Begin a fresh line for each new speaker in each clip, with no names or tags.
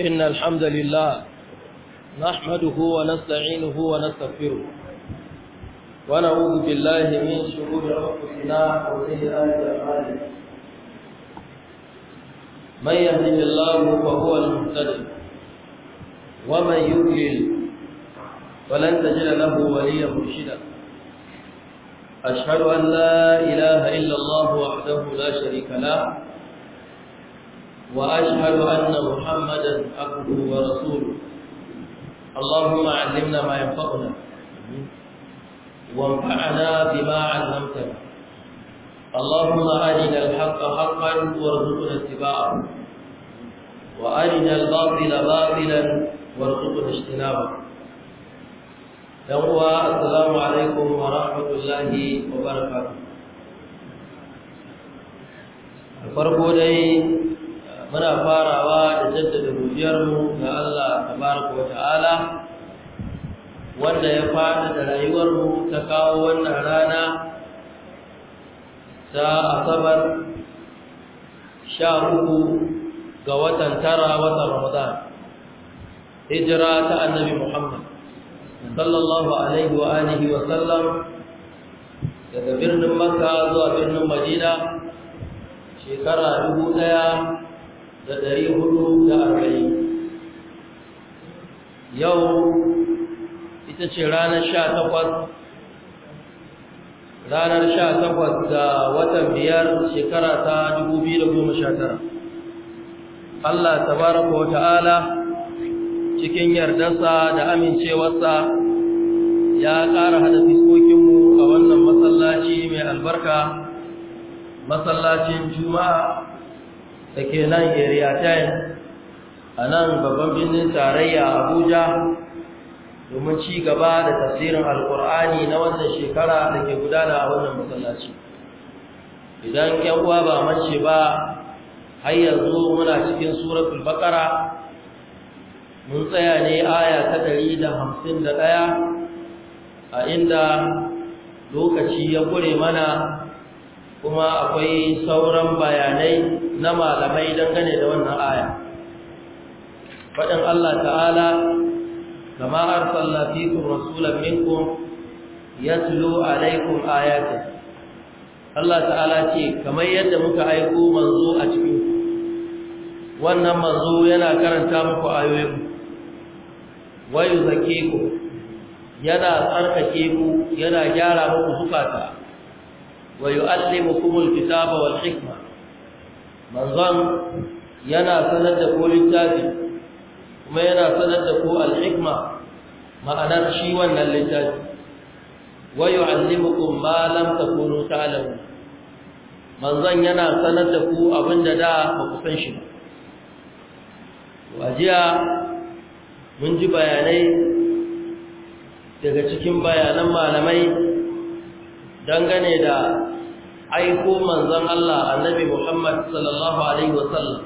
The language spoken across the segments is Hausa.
إن الحمد لله نحمده ونستعينه ونستغفره ونعوذ بالله من شرور أنفسنا وسيئات أعمالنا من يهده الله فهو المهتد ومن يضلل فلن تجد له وليا مرشدا أشهد أن لا إله إلا الله وحده لا شريك له وأشهد أن محمدا عبده ورسوله اللهم علمنا ما ينفعنا وانفعنا بما علمتنا اللهم أرنا الحق حقا وارزقنا اتباعه وأرنا الباطل باطلا وارزقنا اجتنابه يوم السلام عليكم ورحمة الله وبركاته الفرق دي muna farawa da jaddada godiyarmu ga Allah tabaraka wa ta'ala wanda ya fada da rayuwarmu ta kawo wannan rana ta asabar sha uku ga watan tara watan ramadan hijira ta annabi muhammad sallallahu alaihi wa alihi wa sallam daga birnin makka zuwa birnin madina
shekara dubu ɗaya
da ɗari
hudu da arba'in
yau ita ce ranar sha takwas ranar watan biyar shekara ta dubu biyu da goma sha tara Allah tabaraka wa ta'ala cikin sa da amincewarsa ya ƙara hada a wannan masallaci mai albarka masallacin juma'a da ke nan area a nan babban birnin tarayya abuja domin ci gaba da tafsirin alkur'ani na wannan shekara da ke gudana a wannan masallaci idan yan ba mace ba har yanzu muna cikin suratul baqara mun tsaya ne aya ta 151 a inda lokaci ya kure mana kuma akwai sauran bayanai na malamai dangane da wannan aya faɗin Allah ta'ala kama arsalna fikum rasulan minkum yatlu alaikum ayatin Allah ta'ala ce kamar yadda muka aiko manzo a cikin wannan manzo yana karanta muku ayoyin wayu zakiku yana tsarkake ku yana gyara muku zukata wa yu'allimukum alkitaba wal hikma manzon yana sanar da ku littafi kuma yana sanar da ko al ma'anar shi wannan littafi wa yu'allimukum ma lam takunu ta'lamun manzon yana sanar da ku abinda da ba ku san shi ba mun ji bayanai daga cikin bayanan malamai dangane da aiko manzon Allah annabi Muhammad sallallahu alaihi wasallam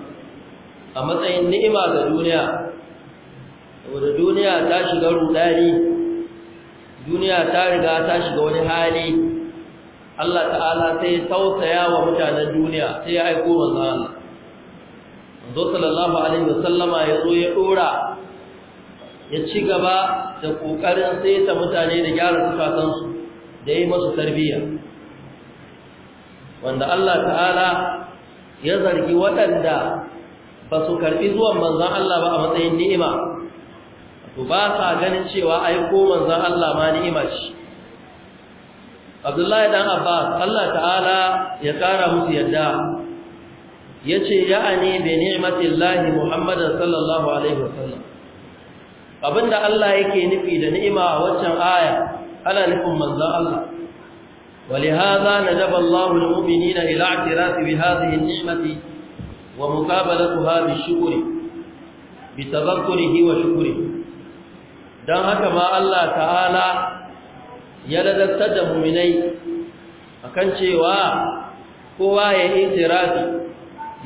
a matsayin ni'ima ga duniya saboda duniya ta shiga rudani duniya ta riga ta shiga wani hali Allah ta'ala sai tausaya wa mutanen duniya sai ya aiko manzon Allah manzo sallallahu alaihi wasallama ya zo ya dora ya ci gaba da kokarin sai ta mutane da gyara sukatansu da yi masu tarbiyya wanda Allah ta'ala ya zargi waɗanda ba su karɓi zuwan manzan Allah ba a matsayin ni'ima to ba sa ganin cewa aiko manzan Allah ma ni'ima ce Abdullahi dan Abbas Allah ta'ala ya kara musu yadda yace ya'ani bi ni'matillahi Muhammadu sallallahu alaihi wasallam abinda Allah yake nufi da ni'ima a waccan aya ana nufin manzan Allah ولهذا نجب الله المؤمنين إلى اعتراف بهذه النعمة ومقابلتها بالشكر بتذكره وشكره ma Allah Ta'ala ya تعالى da muminai akan cewa kowa ya itirafi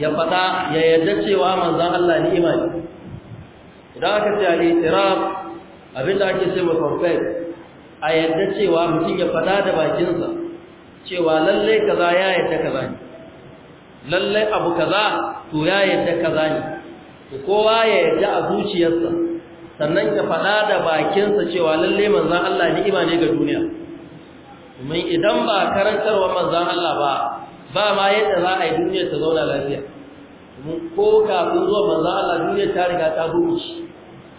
ya fada ya yadda cewa manzon Allah ni'ima ne idan aka ce al-itiraf abinda ake ce mu confess a yadda cewa mutum ya fada da bakinsa cewa lallai kaza ya yadda kaza ne lallai abu kaza to ya yadda kaza ne to kowa ya yadda a zuciyarsa sannan ya faɗa da bakinsa cewa lallai manzan Allah ni'ima ne ga duniya domin idan ba karantarwa manzan Allah ba ba ma yadda za a yi duniya ta zauna lafiya domin ko kafin zuwa manzan Allah duniya ta riga ta buci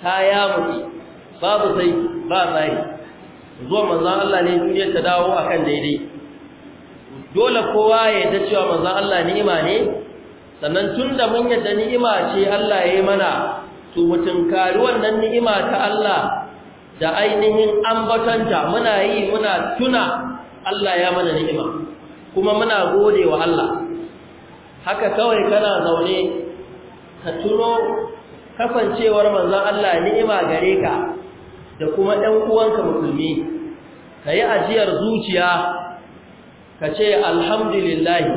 ta yamuke babu sai ba tsari zuwa manzan Allah ne duniya ta dawo akan daidai dole kowa ya ta cewa manzon Allah ni'ima ne sannan tun da mun yadda ni'ima ce Allah ya yi mana to mutun kari wannan ni'ima ta Allah da ainihin ambatanta muna yi muna tuna Allah ya mana ni'ima kuma muna gode wa Allah haka kawai kana zaune ka tuno kafancewar manzon Allah ni'ima gare ka da kuma ɗan uwanka musulmi ka yi ajiyar zuciya ka ce alhamdulillahi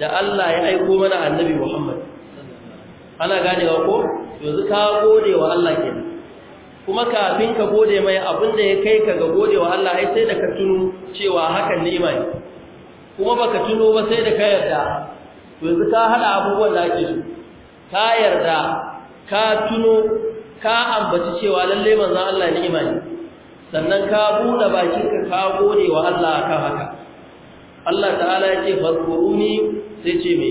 da Allah ya aiko mana annabi Muhammad ana ganewa ko yanzu ka gode wa Allah kenan kuma kafin ka gode mai abin ya kai ka ga gode wa Allah ai sai da ka tuno cewa hakan ni'ima ne kuma baka tuno ba sai da ka yarda yanzu ka hada abubuwan da ake so ka yarda ka tuno ka ambaci cewa lalle manzon Allah ni'ima ne sannan ka bude bakin ka ka gode wa Allah akan haka Allah ta'ala yake ce fadkuruni sai ce me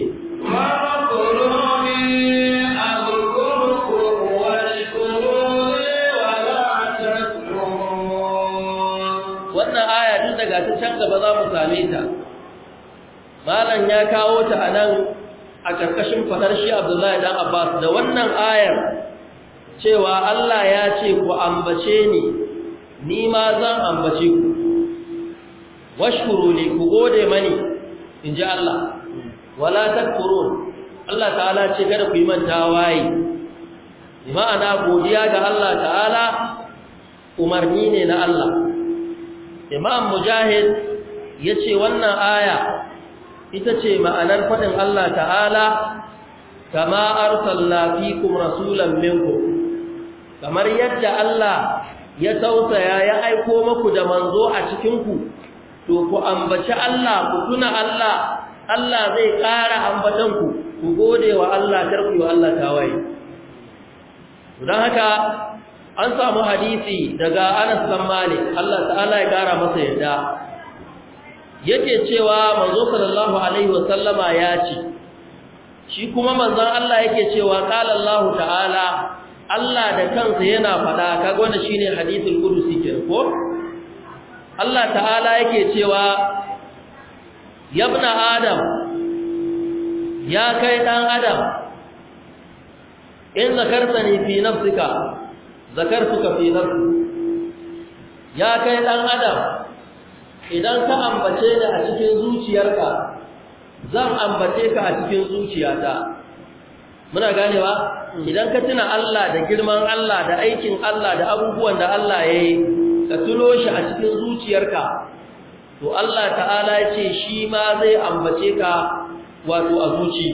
wannan aya daga ta can gaba za mu same ta malam ya kawo ta a nan a ƙarƙashin faɗar shi abdullahi dan abbas da wannan ayar cewa Allah ya ce ku ambace ni ni ma zan ambace ku washkuru li ku gode mani in ji Allah wala takfurun Allah ta'ala ce kada ku yi manta waye ma'ana godiya ga Allah ta'ala umarni ne na Allah Imam Mujahid yace wannan aya ita ce ma'anar fadin Allah ta'ala kama arsalna fikum rasulan minkum kamar yadda Allah ya tausaya ya aiko muku da manzo a cikin ku to ku ambaci Allah ku tuna Allah Allah zai ƙara ambatan ku ku gode wa Allah kar ku wa Allah tawaye don haka an samu hadisi daga Anas bin Malik Allah ta'ala ya ƙara masa yadda yake cewa manzo sallallahu alaihi wa sallama ya ce shi kuma manzon Allah yake cewa qala Allah ta'ala Allah da kansa yana faɗa kaga wannan shine hadisin qudusi kenan ko Allah ta'ala yake cewa yabna adam ya kai dan adam in zakartani fi nafsika zakartuka fi nafsi ya kai dan adam idan ka ambace ni a cikin zuciyarka zan ambace ka a cikin zuciyata muna ganewa hmm. idan ka tuna Allah da girman Allah da aikin Allah da abubuwan da Allah yayi ka tuno shi a cikin zuciyarka to Allah ta'ala ya ce shi ma zai ambace ka wato a zuci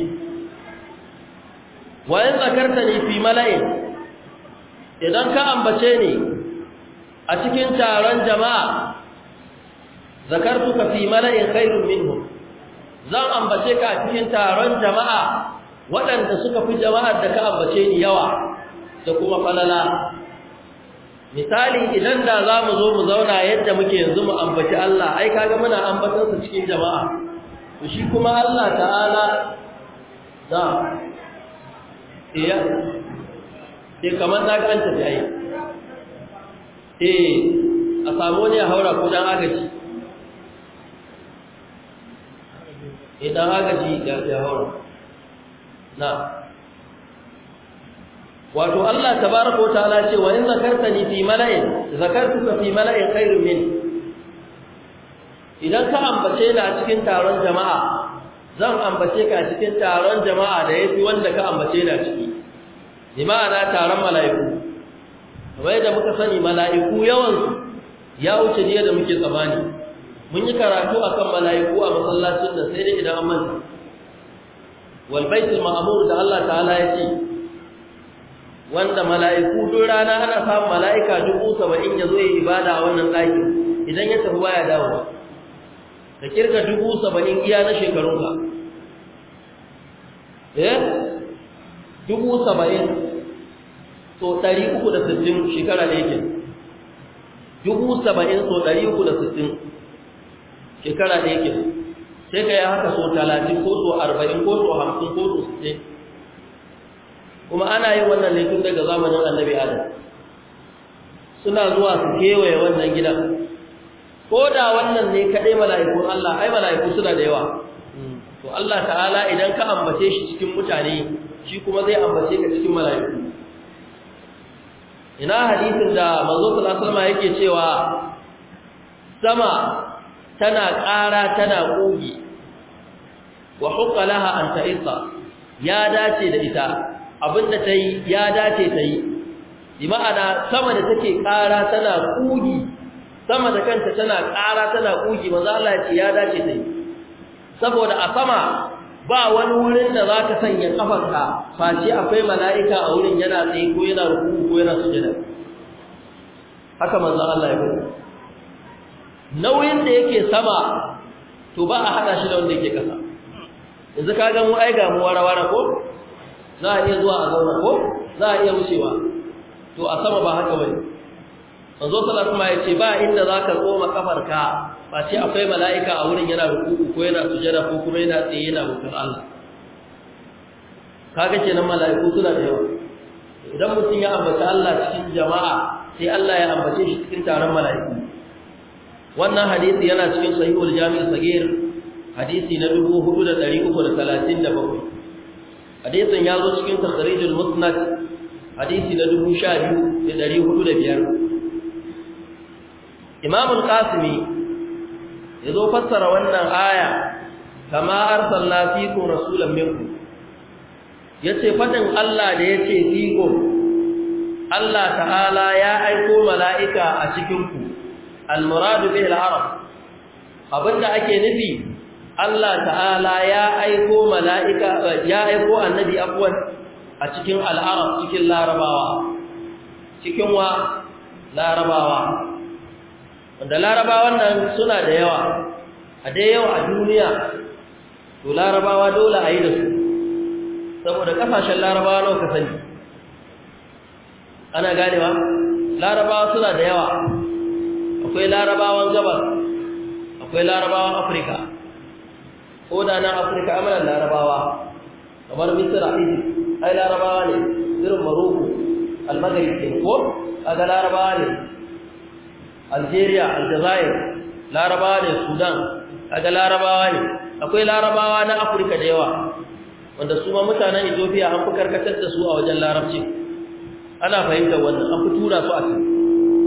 wayan ne fi mala'in idan ka ambace ni a cikin taron jama'a ka fi mala'in khairun minhum zan ambace ka a cikin taron jama'a waɗanda suka fi jama'ar da ka ambace ni yawa da kuma falala misali idan da za mu zo mu zauna yadda muke yanzu mu ambaci Allah ai kaga muna ambatansa cikin jama'a to shi kuma Allah ta'ala da iya ke kamar na kanta da yi eh a samu ne a haura ko dan agaji idan eh, agaji ya haura na wato Allah tabaraka wa ta'ala ce wa in zakartani fi mala'in zakartuka fi mala'in khairin min idan ka ambace ni a cikin taron jama'a zan ambace ka a cikin taron jama'a da yafi wanda ka ambace ni a ciki Jama'a taron mala'iku Wai da muka sani mala'iku yawan ya wuce diya da muke tsamani mun yi karatu akan mala'iku a masallacin da sai dai idan an manta wal baitul ma'mur da Allah ta'ala ya ce wanda mala'iku duk rana ana samun mala'ika dubu saba'in ya zo ya ibada a wannan daki idan ya tafi baya dawo ka kirka dubu saba'in iya na shekarunka eh dubu saba'in to ɗari uku da sittin shekara ne yake dubu saba'in to ɗari uku da sittin shekara ne yake sai ka haka so talatin ko so arba'in ko so 50 ko so 60 kuma ana yin wannan ne tun daga zamanin annabi adam suna zuwa su kewaye wannan gidan ko da wannan ne kaɗai mala'ikun Allah ai mala'iku suna da yawa to Allah ta'ala idan ka ambace shi cikin mutane shi kuma zai ambace ka cikin mala'iku ina hadisin da manzo sallallahu yake cewa sama tana ƙara tana ƙugi wa huqqa laha an ta'isa ya dace da ita abinda ta yi ya dace ta yi bi ma'ana sama da take ƙara tana kugi sama da kanta tana ƙara tana kugi manzo Allah ya ce ya dace ta yi saboda a sama ba wani wurin da za ka sanya kafarka face akwai mala'ika a wurin yana tsaye ko yana ruku ko yana sujada haka manzo Allah ya faɗa nauyin da yake sama to ba a hada shi da wanda yake kasa yanzu ka ga mu ai ga mu wara wara ko za a iya zuwa a zauna ko za a iya wucewa to a sama ba haka bane manzo sallallahu alaihi ya ce ba inda za ka tsoma kafarka ba ce akwai mala'ika a wurin yana rukuku ko yana sujada ko kuma yana tsaye yana hukun Allah kaga kenan mala'iku suna da yawa idan mutum ya ambaci Allah cikin jama'a sai Allah ya ambace shi cikin taron mala'iku wannan hadisi yana cikin sahihul jami'ul sagir hadisi na 4337 hadisin ya zo cikin takharijul musnad hadisi na 12405 biyar. al-qasimi ya zo fassara wannan aya kama arsalna fikum rasulan minkum yace fadin Allah da yace fikum Allah ta'ala ya aiko mala'ika a cikin ku al-muradu bil arab abinda ake nufi Allah ta'ala ya aiko mala'ika ya aiko annabi afwan a cikin al'arab cikin larabawa cikin wa larabawa wanda larabawan nan suna da yawa a dai yau a duniya to larabawa dole a yi da su saboda kasashen larabawa nawa ka sani ana ganewa larabawa suna da yawa akwai larabawan gabas akwai larabawan afirka ko da na afirka amalan larabawa kamar misira egypt ai larabawa ne irin maroko almagari ke ko kaga larabawa ne algeria aljazair larabawa ne sudan kaga larabawa ne akwai larabawa na afirka da yawa wanda su ma mutanen ethiopia an fi karkatar da su a wajen larabci ana fahimtar wannan an fi tura su a can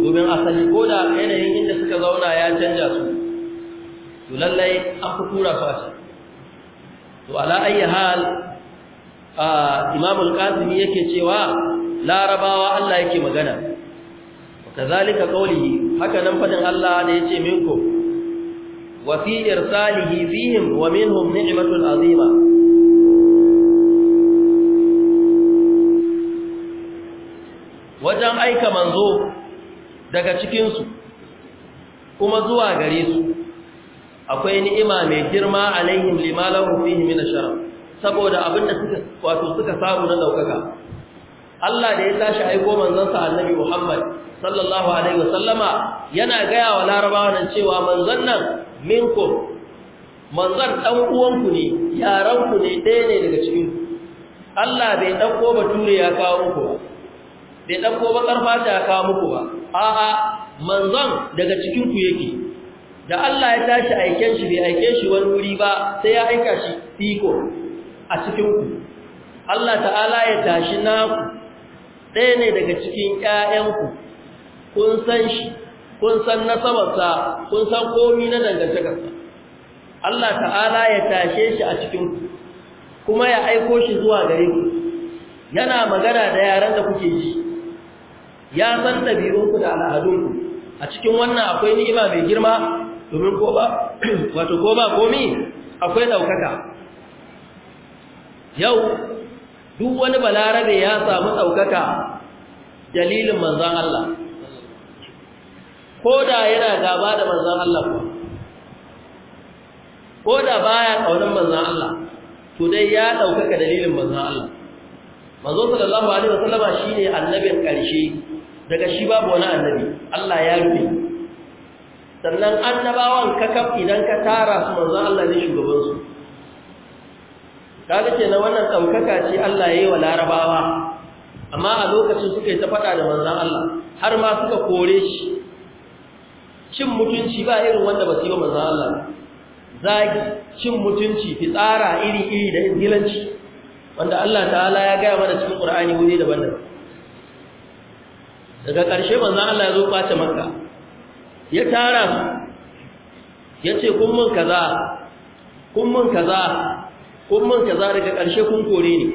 domin asali ko da yanayin inda suka zauna ya canja su to lallai an fi tura su a can to ala ayi hal imam al-qasimi yake cewa larabawa Allah yake magana kazalika qawlihi haka nan fadin Allah da yace minku wa fi irsalihi fihim wa minhum ni'matun azima wajen aika manzo daga cikinsu kuma zuwa gare su akwai ni'ima mai girma alaihim lima fihi min asharaf saboda abinda suka wato suka samu na daukaka Allah da ya tashi aiko manzon sa Annabi Muhammad sallallahu alaihi wasallama yana gaya wa larabawa nan cewa manzon nan minkum manzon dan uwanku ne yaran ku ne ɗaya ne daga cikin Allah bai dauko Ture ya kawo muku ba bai dauko ba fata ya kawo muku ba a'a manzon daga cikin ku yake da Allah ya tashi aiken shi bai aike shi wani wuri ba sai ya aika shi fiko a cikin ku Allah ta'ala ya tashi ku ɗaya ne daga cikin ƴaƴanku kun san shi kun san nasabarsa kun san komi na dangantakarsa Allah ta'ala ya tashe shi a cikin ku kuma ya aiko shi zuwa gare ku yana magana da yaran da kuke ji ya san ɗabi'unku da al'adunku a cikin wannan akwai ni'ima mai girma domin ko ba wato ko ba komi akwai daukaka yau duk wani balarabe ya samu daukaka dalilin manzon Allah ko da yana gaba da manzon Allah ko da baya kaunar manzon Allah to dai ya daukaka dalilin manzon Allah manzo sallallahu alaihi wasallama shine annabin karshe daga shi babu wani annabi Allah ya rufe sannan annabawan kakaf idan ka tara su manzo Allah ne shugaban su kaga kenan wannan daukaka ce Allah yayi wa larabawa amma a lokacin suka yi ta fada da manzo Allah har ma suka kore shi cin mutunci ba irin wanda ba su yi wa Allah zagi cin mutunci fitsara iri iri da ingilanci wanda Allah ta'ala ya gaya mana cikin Qur'ani wuri daban-daban daga ƙarshe manzo Allah ya zo kwace Makka ya tara su ya ce kun mun kaza kun mun kaza kun mun kaza daga ƙarshe kun kore ni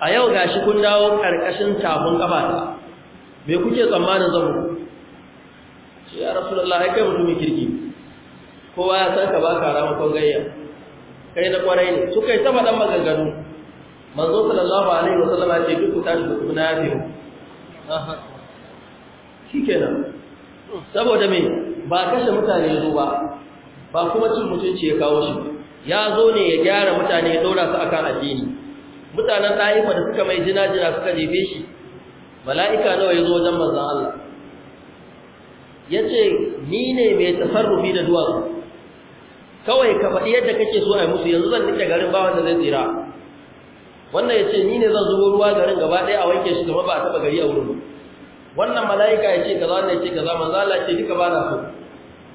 a yau gashi kun dawo ƙarƙashin tafin ƙabata, me kuke tsammanin zan shi ya rasulullah kai mutumin kirki kowa ya san ka baka ramakon gayya kai na kwarai ne suka yi ta ɗan maganganu manzo sallallahu alaihi wasallam ya ce duk ku tashi ku na yafe mu kenan saboda me ba kashe mutane zo ba ba kuma cin mutunci ya kawo shi ya zo ne ya gyara mutane ya daura su akan addini mutanen ɗa'ifa da suka mai jina-jina suka jefe shi mala'ika nawa ya zo wajen manzan Allah ya ce ni ne mai tasarrufi da duwatsu kawai ka faɗi yadda kake so a musu yanzu zan nike garin bawan da zai tsira wannan ya ce ni ne zan zubo ruwa garin gaba ɗaya a wanke shi kuma ba a taɓa gari a wurin wannan mala'ika ya ce kaza wannan ya ce kaza manzo Allah ce duka ba na so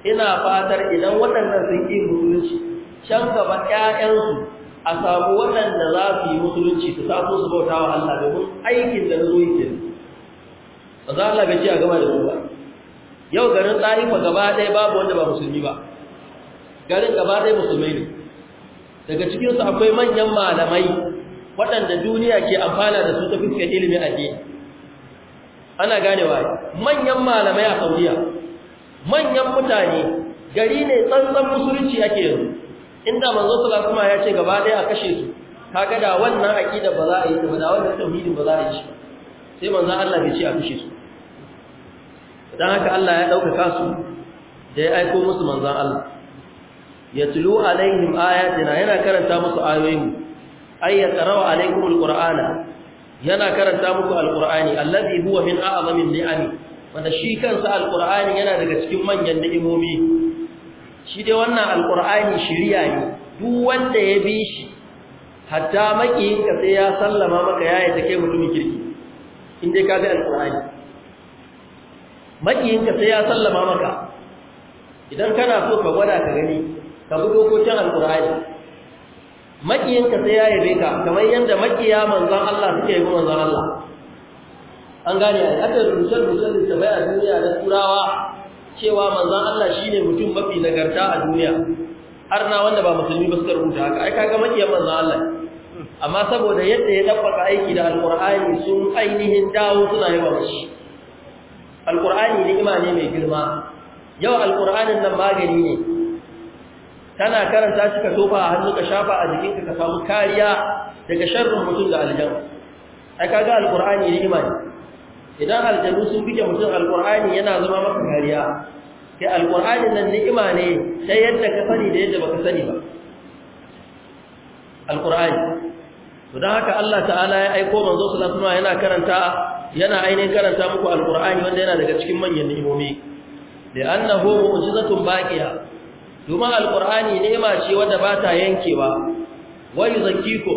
ina fatar idan waɗannan sun yi musulunci can gaba ƴaƴansu a samu waɗanda za su yi musulunci su taso su bauta wa Allah domin aikin da zo yake manzo Allah bai ce a gaba da su ba yau garin Taifa gaba ɗaya babu wanda ba musulmi ba garin gaba ɗaya musulmai ne daga cikinsu akwai manyan malamai waɗanda duniya ke amfana da su ta fuskar ilimin addini ana ganewa manyan malamai a saudiya manyan mutane gari ne tsantsan musulunci ake yanzu inda manzo sallallahu alaihi ya ce gaba ɗaya a kashe su kaga da wannan aqida ba za a yi ba da wannan tauhidin ba za a yi shi sai manzo Allah bai ce a kashe su dan haka Allah ya dauka su da ya aika musu manzo Allah yatlu alaihim ayatina yana karanta musu ayoyin ayyataraw alaikumul qur'ana yana karanta muku alkur'ani allazi huwa min a'zamin ni'ami wanda shi kansa alqur'ani yana daga cikin manyan ni'imomi shi dai wannan alqur'ani shiriya ne duk wanda ya bi shi hatta makiyin ka sai ya sallama maka yayi ta kai mutumin kirki in dai ka bi alqur'ani makiyin ka sai ya sallama maka idan kana so ka gwada ka gani ka bi dokokin alkur'ani ka sai ya yi rika, kamar yadda makiya manzon Allah suke yi manzon Allah an gane a aka rubuce rubuce bai a duniya na turawa cewa manzon Allah shine mutum mafi nagarta a duniya arna wanda ba musulmi ba suka rubuta haka ai kaga makiyan manzon Allah amma saboda yadda ya dabbaka aiki da alqur'ani sun ainihin dawo suna yawa shi alqur'ani ni'ima ne mai girma Yau alqur'anin nan magani ne kana karanta shi ka tofa a hannu ka shafa a jikinka ka samu kariya daga sharrin mutum da aljanna ai kaga alqur'ani ne imani idan aljanu sun bige mutum alqur'ani yana zama maka kariya sai alqur'ani nan ni'ima ne sai yadda ka sani da yadda baka sani ba alqur'ani to dan haka Allah ta'ala ya aika manzo sallallahu alaihi yana karanta yana ainihin karanta muku alqur'ani wanda yana daga cikin manyan ni'imomi annahu mu'jizatun baqiya domin alkur'ani nema ce wanda ba ta yankewa wa yuzakkiku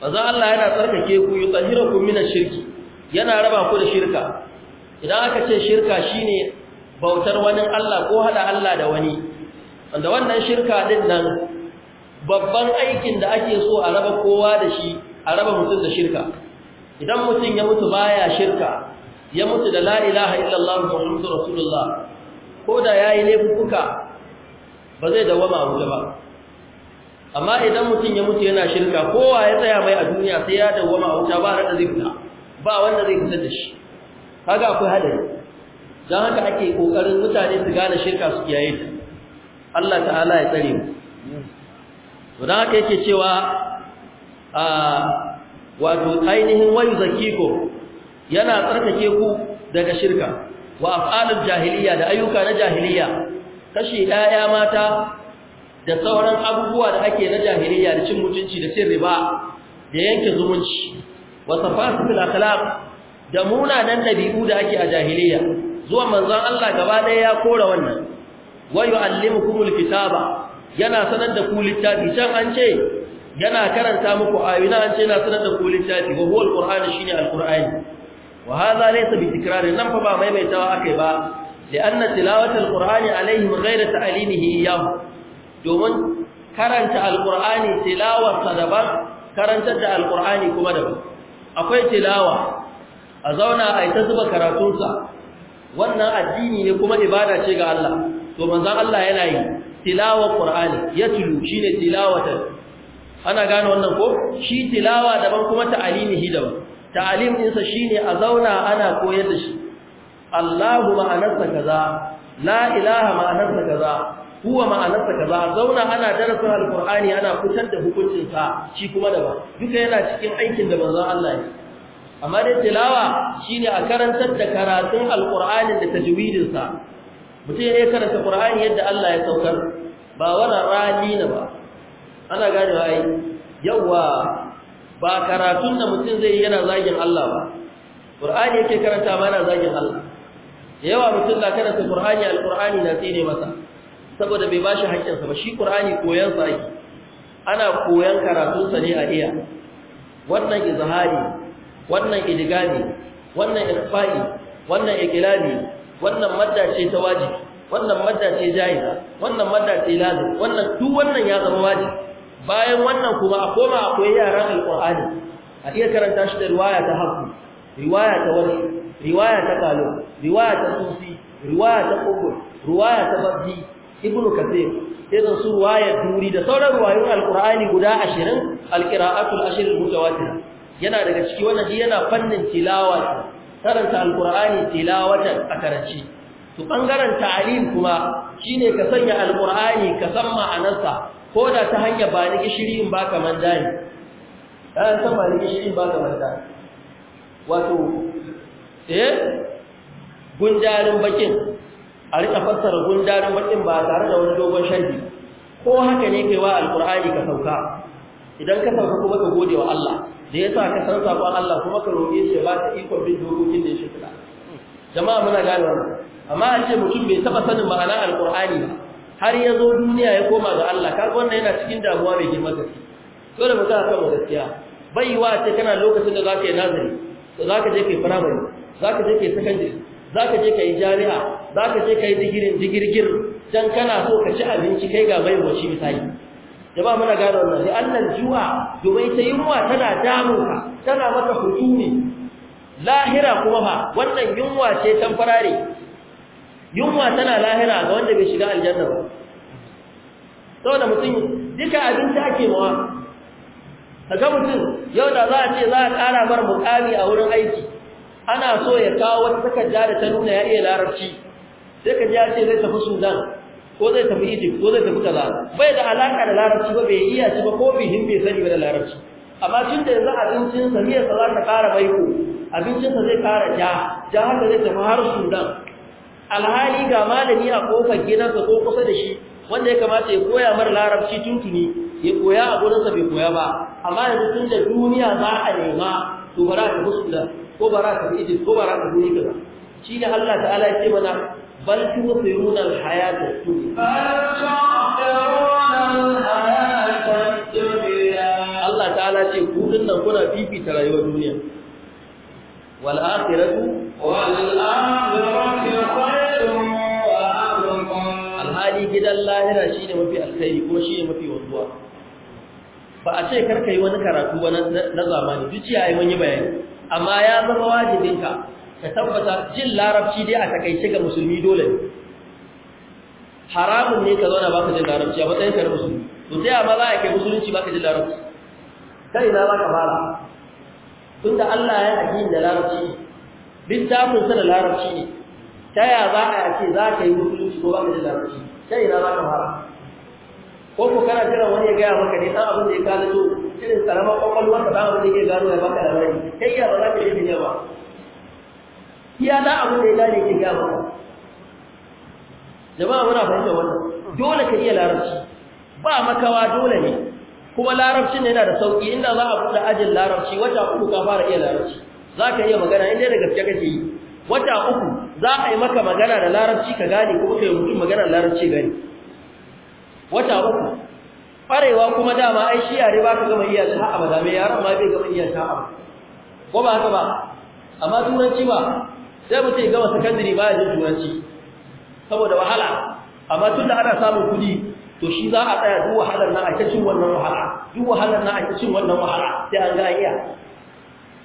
manzo Allah yana tsarkake ku yi yutahhirukum ku mina shirki yana raba ku da shirka idan aka ce shirka shine bautar wani Allah ko hada Allah da wani wanda wannan shirka ɗin nan babban aikin da ake so a raba kowa da shi a raba mutum da shirka idan mutum ya mutu baya shirka ya mutu da la ilaha illallah muhammadur rasulullah ko da yayi laifuka ba zai dawama a wuta ba amma idan mutum ya mutu yana shirka kowa ya tsaya mai a duniya sai ya dawama a wuta ba rada zai fita ba wanda zai fitar da shi kaga akwai hadari Don haka ake kokarin mutane su gane shirka su kiyaye ta Allah ta'ala ya tsare mu to dan haka yake cewa a wato ainihin wayu zakiko yana tsarkake ku daga shirka wa af'alul jahiliya da ayyuka na jahiliya kashe ɗaya mata da sauran abubuwa da ake na jahiliya da cin mutunci da cin riba da yanke zumunci wa safasul akhlaq da munanan dabi'u da ake a jahiliya zuwa manzon Allah gaba ɗaya ya kora wannan Wayo wa yu'allimukumul kitaba yana sanar da ku littafi can an ce yana karanta muku ayuna an ce yana sanar da ku littafi wa huwa alqur'ani shine alqur'ani wa hadha laysa bi tikrari nan fa ba maimaitawa akai ba لأن تلاوة القرآن عليهم غير تعليمه إياه دومن كرنت القرآن تلاوة صدبا كرنت القرآن كما دبا أقوي تلاوة أزونا أي تسبى كراتوسا وانا الديني يكما إبادة شيء الله دومن ذا الله يلاي تلاوة قرآن يتلو شين تلاوة ana gane wannan ko shi tilawa daban kuma ta'alimihi daban ta'alim ɗinsa shine a zauna ana koyar da shi Allahu ma'anarsa kaza la ilaha ma'anarsa kaza huwa ma'anarsa kaza zauna ana darasin alqur'ani ana fitar da hukuncin sa shi kuma ba. duka yana cikin aikin da manzon Allah ne amma da tilawa shine a karantar da karatun alqur'anin da tajwidin sa mutum ne karanta qur'ani yadda Allah ya saukar ba wani rani ne ba ana ganewa ai yawa ba karatun da mutum zai yana zagin Allah ba qur'ani yake karanta ba yana zagin Allah da yawa mutum na karanta qur'ani al-Qur'ani na tsine masa saboda bai bashi hakkin sa ba shi qur'ani koyan sa yake. ana koyan karatun sa ne a iya wannan izhari wannan idgami wannan ikhfa'i wannan iqlali wannan madda ce ta wajibi wannan madda ce jayiza wannan madda ce lazim wannan duk wannan ya zama wajibi bayan wannan kuma a koma akwai yaran qurani a iya karanta shi da riwaya ta haku riwaya ta wani riwaya ta kalu riwaya ta sufi riwaya ta kubur riwaya ta babbi ibnu kathir irin su riwaya duri da sauran riwayoyin alqur'ani guda 20 alqira'atul ashr mutawatir yana daga ciki wannan shi yana fannin tilawa karanta alqur'ani tilawata a karanci to bangaren ta'lim kuma shine ka sanya alqur'ani ka san ma'anarsa ko da ta hanya ba ni gishiri ba kaman manjani an san ba ni gishiri in baka manjani wato eh gundarin bakin a rika fassara gundarin bakin ba tare da wani dogon sharhi ko haka ne kai wa alqur'ani ka sauka idan ka sauka kuma ka gode wa Allah da yasa ka san sabon Allah kuma ka roƙe shi ba ta ikon bin dokokin da shi kula jama'a muna gane wannan amma an ce mutum bai taba sanin ma'anar alqur'ani har ya zo duniya ya koma ga Allah kaga wannan yana cikin damuwa mai girma gaske dole mu ya. kanmu gaskiya baiwa ce kana lokacin da zaka yi nazari to zaka je kai primary zaka je kai secondary Za ka je ka jari'a jami'a ka je yi digirin digirgir dan kana so ka ci abinci kai ga mai wace misali jama'a muna gano wannan sai Allah ju'a domin ta yunwa tana damu ka tana maka hutuni lahira kuma fa wannan yunwa ce farare yunwa tana lahira ga wanda bai shiga aljanna ba saboda mutum duka abinci ake mawa ga mutum yau da za a ce za a ƙara bar mukami a wurin aiki ana so ya kawo wata takarda da ta nuna ya iya larabci sai ka ji ya ce zai tafi sudan ko zai tafi egypt ko zai tafi kaza bai da alaka da larabci ba bai iya shi ba ko bai hin bai sani ba da larabci amma tun da yanzu abincin sa miyar sa za ta kara baiko abincin sa zai kara ja ja haka zai tafi har sudan alhali ga malami a kofar gidansa ko kusa da shi wanda ya kamata ya koya mara larabci tuntuni ya koya a gurinsa bai koya ba amma yanzu tun da duniya za a nema to bara ta musu da ko ba za ka Egypt ko ba za ka bi shi ne Allah ta'ala ya ce mana bal tusiruna al-hayat ad-dunya
Allah ta'ala ce
ku dinnan kuna fifita rayuwar duniya wal akhiratu wal akhiratu khayrun wa abqa al-hadi gidan lahira shine mafi alkhairi ko shine mafi wanzuwa ba a ce karka yi wani karatu ba na zamani duk ciyayi mun yi bayani amma ya zama wajibinka ka tabbata jin larabci dai a takaice ga musulmi dole ne haramun ne ka zauna baka jin larabci a matsayin na musulmi to sai amma za a kai musulunci baka jin larabci kai na baka fara Tun da Allah ya addini da larabci littafin sa da larabci ne ta ya za a ce za ka yi musulunci ko baka jin larabci kai na baka fara ko ko kana jira wani ya gaya maka ne dan abin da ya kawo to irin karamar kwakwalwar ka dan abin da yake gano ya baka labari kai ya ba za ka yi da ba Ya da abin da ya gane ke ga ba jama'a muna fahimta wannan dole ka iya larabci ba makawa dole ne kuma larabcin ne yana da sauki inda za a buɗe ajin larabci wata uku ka fara iya larabci za ka iya magana inda da gaske kake yi wata uku za a yi maka magana da larabci ka gane kuma kai mutum magana larabci gani wata uku barewa kuma dama ai shi yare ba ka gama iya ta ba mai yaron ma bai gama iya ta ba ko ba haka ba amma turanci ba sai mutum ya gama sakandiri ba ya jin turanci saboda wahala amma tun da ana samun kuɗi to shi za a tsaya duk wahalar nan a ta cin wannan wahala duk wahalar nan a ta cin wannan wahala sai an ga iya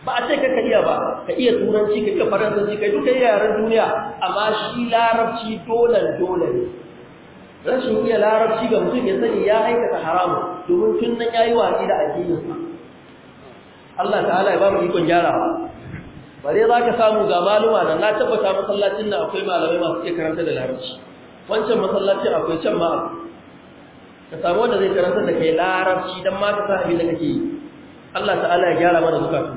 ba a ce ka iya ba ka iya turanci ka iya faransanci ka duka yaren duniya amma shi larabci dolan dole ne rashin iya larabci ga mutum ya sani ya aikata haramu domin tun nan yayi watsi da addininsa Allah ta'ala ya ba mu ikon gyarawa bare za ka samu ga maluma da na tabbata masallacin na akwai malamai masu ke karanta da larabci wancan masallacin akwai can ma ka samu wanda zai karanta da kai larabci dan ma ka sami abin da kake yi Allah ta'ala ya gyara mana zukatu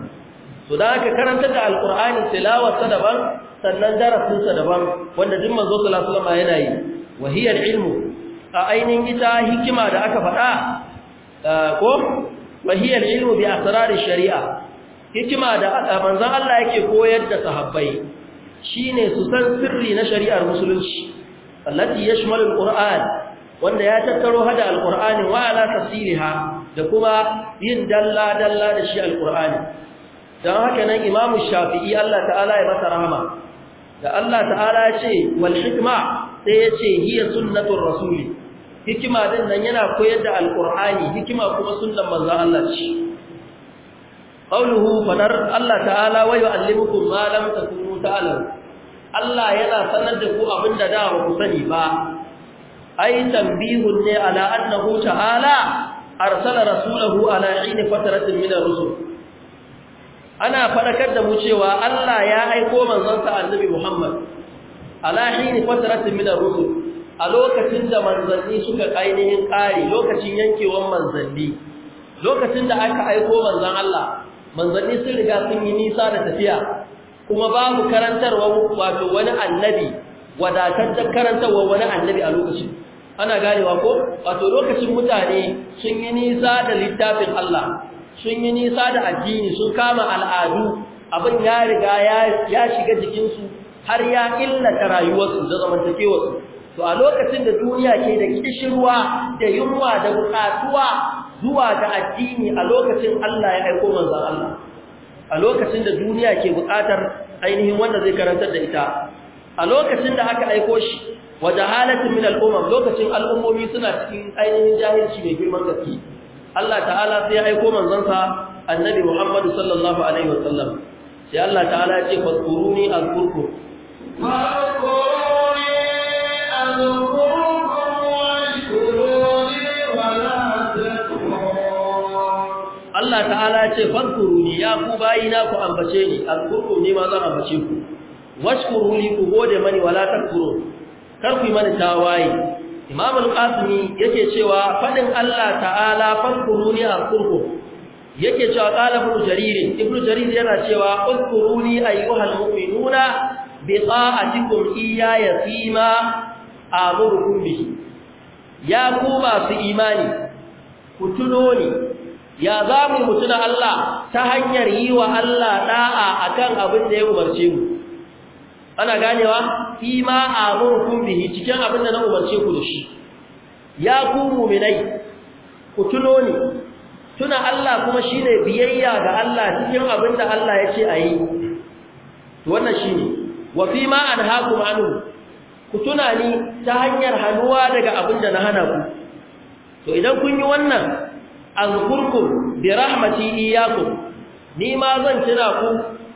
to da aka karanta da alqur'ani lawarsa daban sannan darasinsa daban wanda duk manzo sallallahu alaihi wasallam yana yi wahiyar ilmu a ainihin ita hikima da aka faɗa ko wahiyar ilmu bi asrarin shari'a hikima da manzan Allah yake koyar da sahabbai shine su san sirri na shari'ar musulunci allati yashmalu alquran wanda ya tattaro hada alqur'ani wa ala ha da kuma yin dalla dalla da shi alqur'ani dan haka nan imamu shafi'i Allah ta'ala ya masa rahama da Allah ta'ala ya ce wal hikma sai ya ce hiya sunnatul rasuli hikima din nan yana koyar da alqur'ani hikima kuma sunnan manzon Allah ce qauluhu fadar Allah ta'ala wa yu'allimukum ma lam takunu ta'lam Allah yana sanar da ku abinda da ba ku sani ba ai tanbihun ne ala annahu ta'ala arsala rasulahu ala aini fatratin min ar-rusul ana fadakar da mu cewa Allah ya aika manzon sa annabi Muhammad ala hini fatratin min ar-rusul a lokacin da manzanni suka ainihin kare lokacin yankewan manzanni lokacin da aka aiko manzan Allah manzanni sun riga sun yi nisa da tafiya kuma babu karantarwa wato wani annabi wadatar karantarwa wani annabi a lokacin ana ganewa ko wato lokacin mutane sun yi nisa da littafin Allah sun yi nisa da addini sun kama al'adu abin ya riga ya shiga jikinsu har ya illata rayuwarsu da zamantakewarsu to a lokacin da duniya ke da kishirwa da yunwa da bukatuwa zuwa da addini a lokacin Allah ya aiko manzon Allah a lokacin da duniya ke bukatar ainihin wanda zai karantar da ita a lokacin da aka aiko shi wa jahalatin min al'umam lokacin al'ummomi suna cikin ainihin jahilci mai girman gaske Allah ta'ala sai ya aiko manzansa annabi Muhammadu sallallahu alaihi wasallam sai Allah ta'ala ya ce al azkurkum Allah ta'ala ce ni ya ku na ku ambace ni alkuru ne ma zan ambace ku ni ku gode mani wala takfuru kar ku yi mani tawaye Imam al-Qasimi yake cewa fadin Allah ta'ala ni alkuru yake cewa qala ibn jarir ibn jarir yana cewa ulkuruni ayyuhal mu'minuna biqa'atikum iyaya fima amurukum bihi ya ku masu imani ku tuno ni ya za mu mutuna Allah ta hanyar yi wa Allah da'a akan abin da ya umarce mu ana ganewa a amurukum bihi cikin abin da na umarce ku da shi ya ku mu'minai ku tuno ni tuna Allah kuma shine biyayya ga Allah cikin abin da Allah ya ce a yi wannan shine wa fi ma an anhaakum an'u, ku tuna ni ta hanyar hannuwa daga abin da na hana ku to idan kun yi wannan an kurku bi rahmati iyyakum ni ma zan kira ku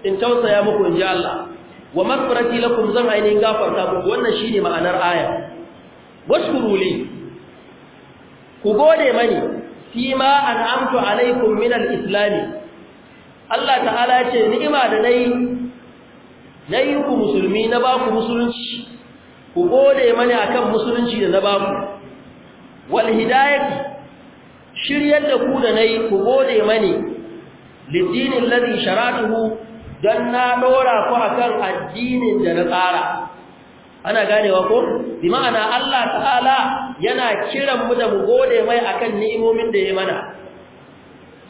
in tausaya muku in ji Allah wa maghfirati lakum zan ainihin gafarta muku wannan shine ma'anar aya washkuru li ku gode mani fi ma an amtu alaikum min al-islam Allah ta'ala ce ni'ima da nayi na yi ku musulmi na ba ku musulunci ku gode mani akan musulunci da na ba ku wal shiryar da ku da nayi ku gode mani lidinin ladhi sharatuhu don na dora ku akan addinin da na tsara ana ganewa ko bi ma'ana Allah ta'ala yana kiran mu da mu gode mai akan ni'imomin da ya mana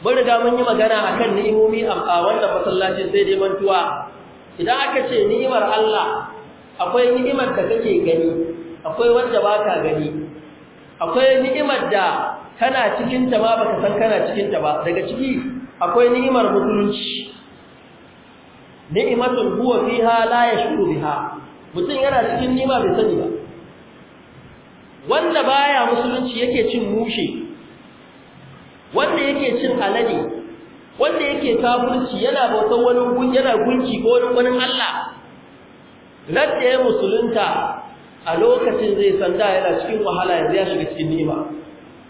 mun riga mun yi magana akan ni'imomi a wannan fasallacin sai dai mantuwa idan aka ce ni'imar Allah akwai ni'imar da kake gani akwai wanda baka gani akwai ni'imar da kana cikin ta ba baka san kana cikin ta ba daga ciki akwai ni'imar mutunci ni'matun huwa fiha la yashuru biha mutum yana cikin ni'ima bai sani ba wanda baya musulunci yake cin mushe wanda yake cin alade wanda yake kafirci yana bautan wani yana gunki ko wani Allah ladda ya musulunta a lokacin zai sanda yana cikin wahala yanzu ya shiga cikin ni'ima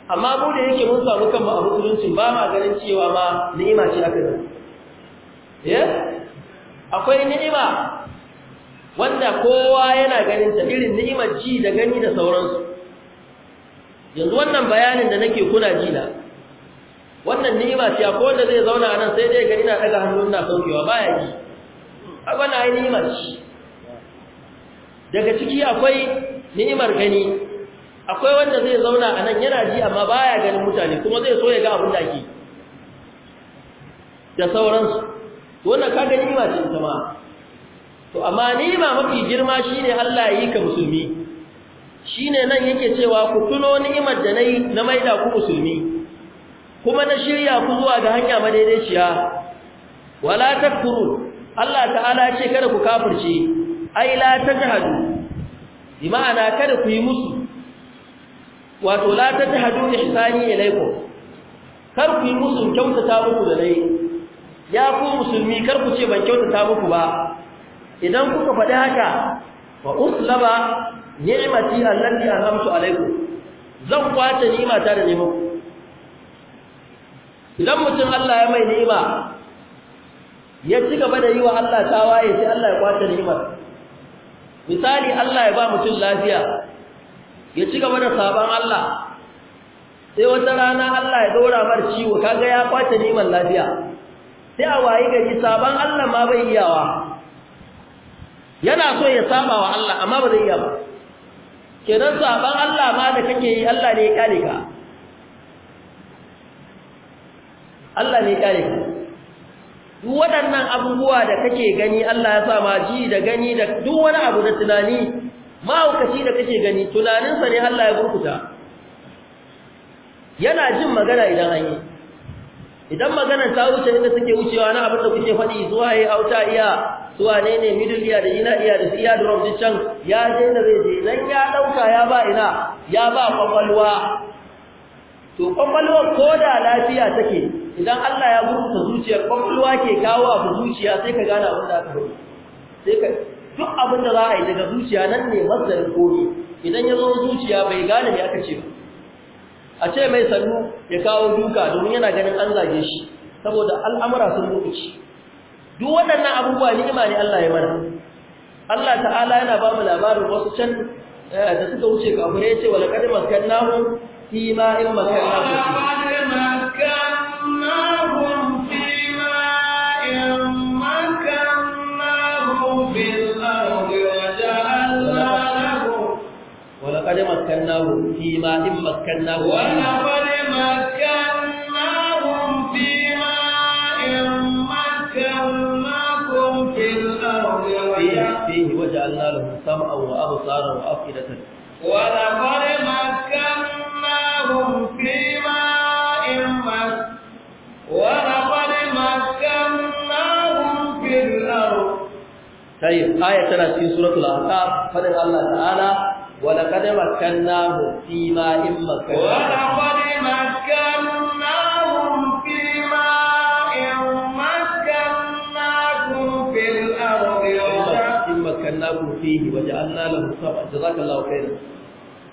amma mu da yake mun samu kanmu a musuluncin ba ma ganin cewa ma ni'ima ce aka yi eh akwai ni'ima wanda kowa yana ganin ta irin ni'imar ji da gani da sauransu yanzu wannan bayanin da nake kuna ji na wannan ni'ima ce ko wanda zai zauna nan sai dai ga ina daga hannu na saukewa baya yi a wannan ai ni'ima ce daga ciki akwai ni'imar gani akwai wanda zai zauna a nan yana ji amma baya ganin mutane kuma zai so ya ga abin da ake da sauransu wannan ka gani ni'ima ce ta ma to amma ni'ima mafi girma shine Allah ya yi ka musulmi shine nan yake cewa ku tuno ni'imar da nayi na maida ku musulmi kuma na shirya ku zuwa ga hanya madaidaiciya wala takuru, Allah ta'ala ce kada ku kafirce ai la tajhadu bi ma'ana kada ku yi musu wato la tajhadu ihsani ilaykum kar ku yi musu kyautata muku da dai ya ku musulmi kar ku ce ban kyautata muku ba idan kuka faɗi haka wa uslaba ni'mati allati an'amtu alaykum zan kwata ni'mata da ne muku idan mutum Allah ya mai ni'ima ya ci gaba da yi wa Allah tawaye sai Allah ya kwace ni'imar misali Allah ya ba mutum lafiya ya ci gaba da sabon Allah sai wata rana Allah ya dora mar ciwo kaga ya kwace ni'imar lafiya sai a wayi gari sabon Allah ma bai iyawa yana so ya saba wa Allah amma ba zai iya ba kenan sabon Allah ma da kake yi Allah ne ya kare ka Allah ne kare ku duk waɗannan abubuwa da kake gani Allah ya sa ma ji da gani da duk wani abu da tunani mahaukaci da kake gani tunaninsa ne Allah ya burkuta yana jin magana idan an yi idan maganar ta wuce inda suke wucewa na abin da kuke faɗi zuwa yayi auta iya zuwa ne ne middle iya da ina iya da iya da can ya je da zai je idan ya ɗauka ya ba ina ya ba kwakwalwa to kwakwalwa ko da lafiya take idan Allah ya mutunta zuciyar kwakwalwa ke kawo abu zuciya sai ka gane abin da aka bari sai ka duk abin da za a yi daga zuciya nan ne mazarin komi idan ya zo zuciya bai gane me aka ce ba a ce mai sannu ya kawo duka domin yana ganin an zage shi saboda al'amura sun lokaci duk waɗannan abubuwa ni'ima ne Allah ya mana Allah ta'ala yana ba mu labarin wasu can eh, da suka wuce kafirai ya ce wa laqad makkannahum fi ma'in مكناهم فيما إن مكناهم ولقد مكناهم فيما إن مكناكم في الأرض فيه, وجعلنا لهم سمعا وأبصارا وأفئدة ولقد مكناهم فيما إن
ولقد مكناهم في الأرض
طيب آية تنا في سورة الأحقاف فضل الله تعالى ولقد مكناهم فيما إن مكناهم ولقد مكناهم فيما إن مكناكم في الأرض إن مكناكم فيه وجعلنا له سبعا جزاك الله خيرا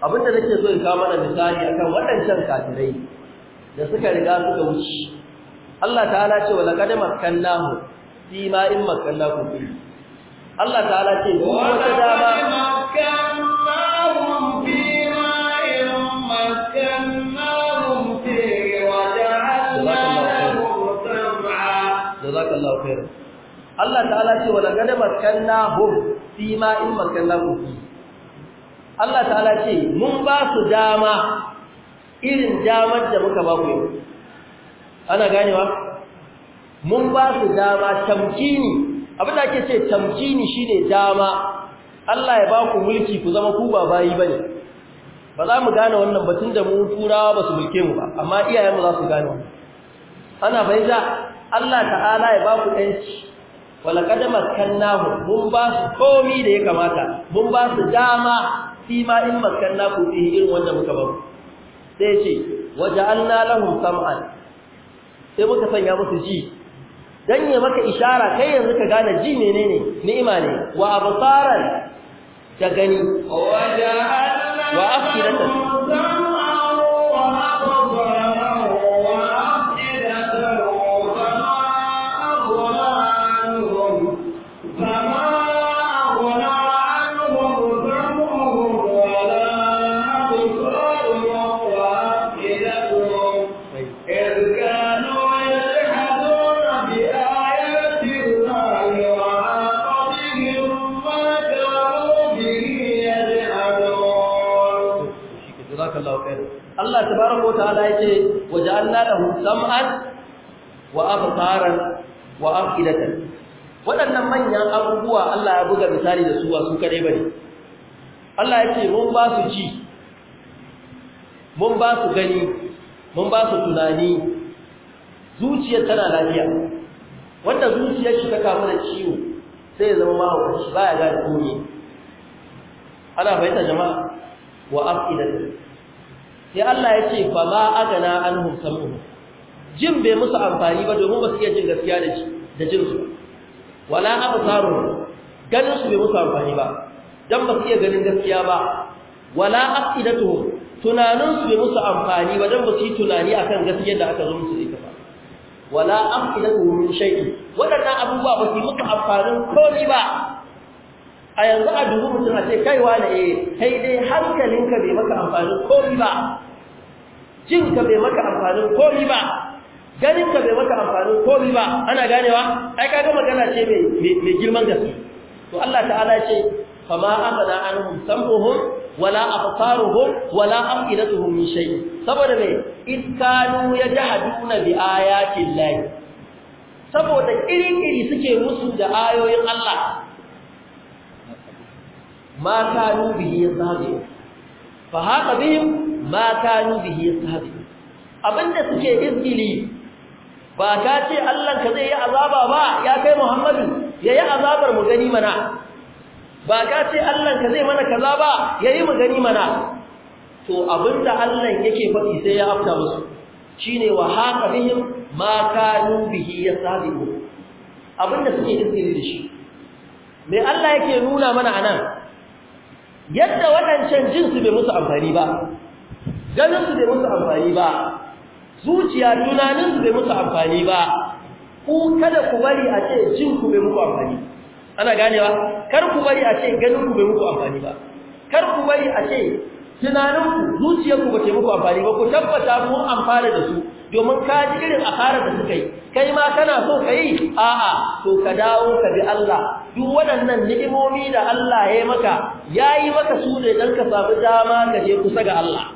abinda nake so in kawo mana misali akan waɗancan kafirai da suka riga suka wuce Allah ta'ala ce wala qad makkannahu fi ma in makkannakum fi Allah ta'ala ce wata dama jazakallahu khairan Allah ta'ala ce wa laqad hum fi ma in hum Allah ta'ala ce mun ba su dama irin damar da muka ba ku yau ana ganewa mun ba su dama tamkini abin da ake ce tamkini shine dama Allah ya ba ku mulki ku zama ku ba bayi bane ba za mu gane wannan batun da mu turawa ba su mulke mu ba amma iyayenmu za su gane wannan ana fahimta Allah ta'ala ya ba ku ɗanci walaqad makkannahu mun ba su komi da ya kamata mun ba su dama fi ma in ku fi irin wanda muka ba sai ce waja'alna lahum sam'an sai muka sanya musu ji dan ya maka ishara kai yanzu ka gane ji menene ni'ima ne wa absaran da gani wa waja'alna wa afidatan
lahu sam'an
wa absaran wa afidatan waɗannan manyan abubuwa Allah ya buga misali da su ba su kadai bane Allah ya ce mun ba su ji mun ba su gani mun ba su tunani zuciyar tana lafiya wanda zuciyar shi ta kamu da ciwo sai ya zama mahaukaci ba ya gane duniya? ana bayyana jama'a wa afidatan sai Allah ya ce fa ma agana anhum sam'uhum jin bai musu amfani ba domin ba su iya jin gaskiya da shi da jin su wala absaru ganin su bai musu amfani ba dan ba su iya ganin gaskiya ba wala afidatuhum tunanin su bai musu amfani ba dan ba su yi tunani akan gaskiyar da aka zo musu ita ba wala afidatuhum min shay'in wadannan abubuwa ba su yi musu amfanin komai ba a yanzu a dubu mutum a ce kaiwa da eh kai dai hankalinka bai maka amfanin komi ba jinka bai maka amfanin komi ba ganinka bai maka amfanin komi ba ana ganewa ai kaga magana ce mai girman gaske to Allah ta'ala ce ma aghna anhum sam'uhum wala absaruhum wala afidatuhum min shay saboda me kanu yajhaduna bi ayati llahi saboda iri-iri suke musu da ayoyin Allah ma kanu bihi yashabi fa haqa bihim ma kanu bihi yashabi abinda suke izgili ba ka ce Allah ka zai yi azaba ba ya kai Muhammadu yayi azabar mu gani mana ba ka ce Allah ka zai mana kaza ba yayi mu gani mana to abinda Allah yake faɗi sai ya afta musu shine wa haqa bihim ma kanu bihi yashabi abinda suke izgili da shi me Allah yake nuna mana anan yadda waɗancan jinsu bai musu amfani ba ganinsu bai musu amfani ba zuciya tunaninsu bai musu amfani ba ku kada ku bari a ce jinku bai muku amfani ana ganewa kar ku bari a ce ganinku bai muku amfani ba kar ku bari a ce tunaninku zuciyarku ba ce muku amfani ba ku tabbata mun amfana da su domin ka ji irin fara da suka yi kai ma kana so ka yi a'a to ka dawo ka bi Allah duk waɗannan ni'imomi da Allah ya yi maka ya yi maka su ne dan ka samu dama ka je kusa ga Allah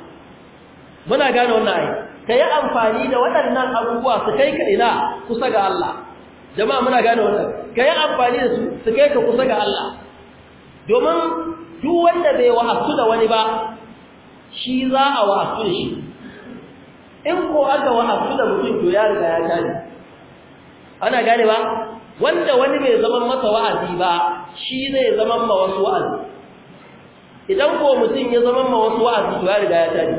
muna gane wannan ai ka yi amfani da waɗannan abubuwa su kai ka ina kusa ga Allah jama'a muna gane wannan ka yi amfani da su su kai ka kusa ga Allah domin duk wanda bai wa'astu da wani ba shi za a wa'azu da shi in ko aka wa'azu da mutum to ya riga ya tare ana gane ba wanda wani bai zama masa wa'azi ba shi zai zama ma wasu wa'azi idan ko mutum ya zama ma wasu wa'azi to ya riga ya tare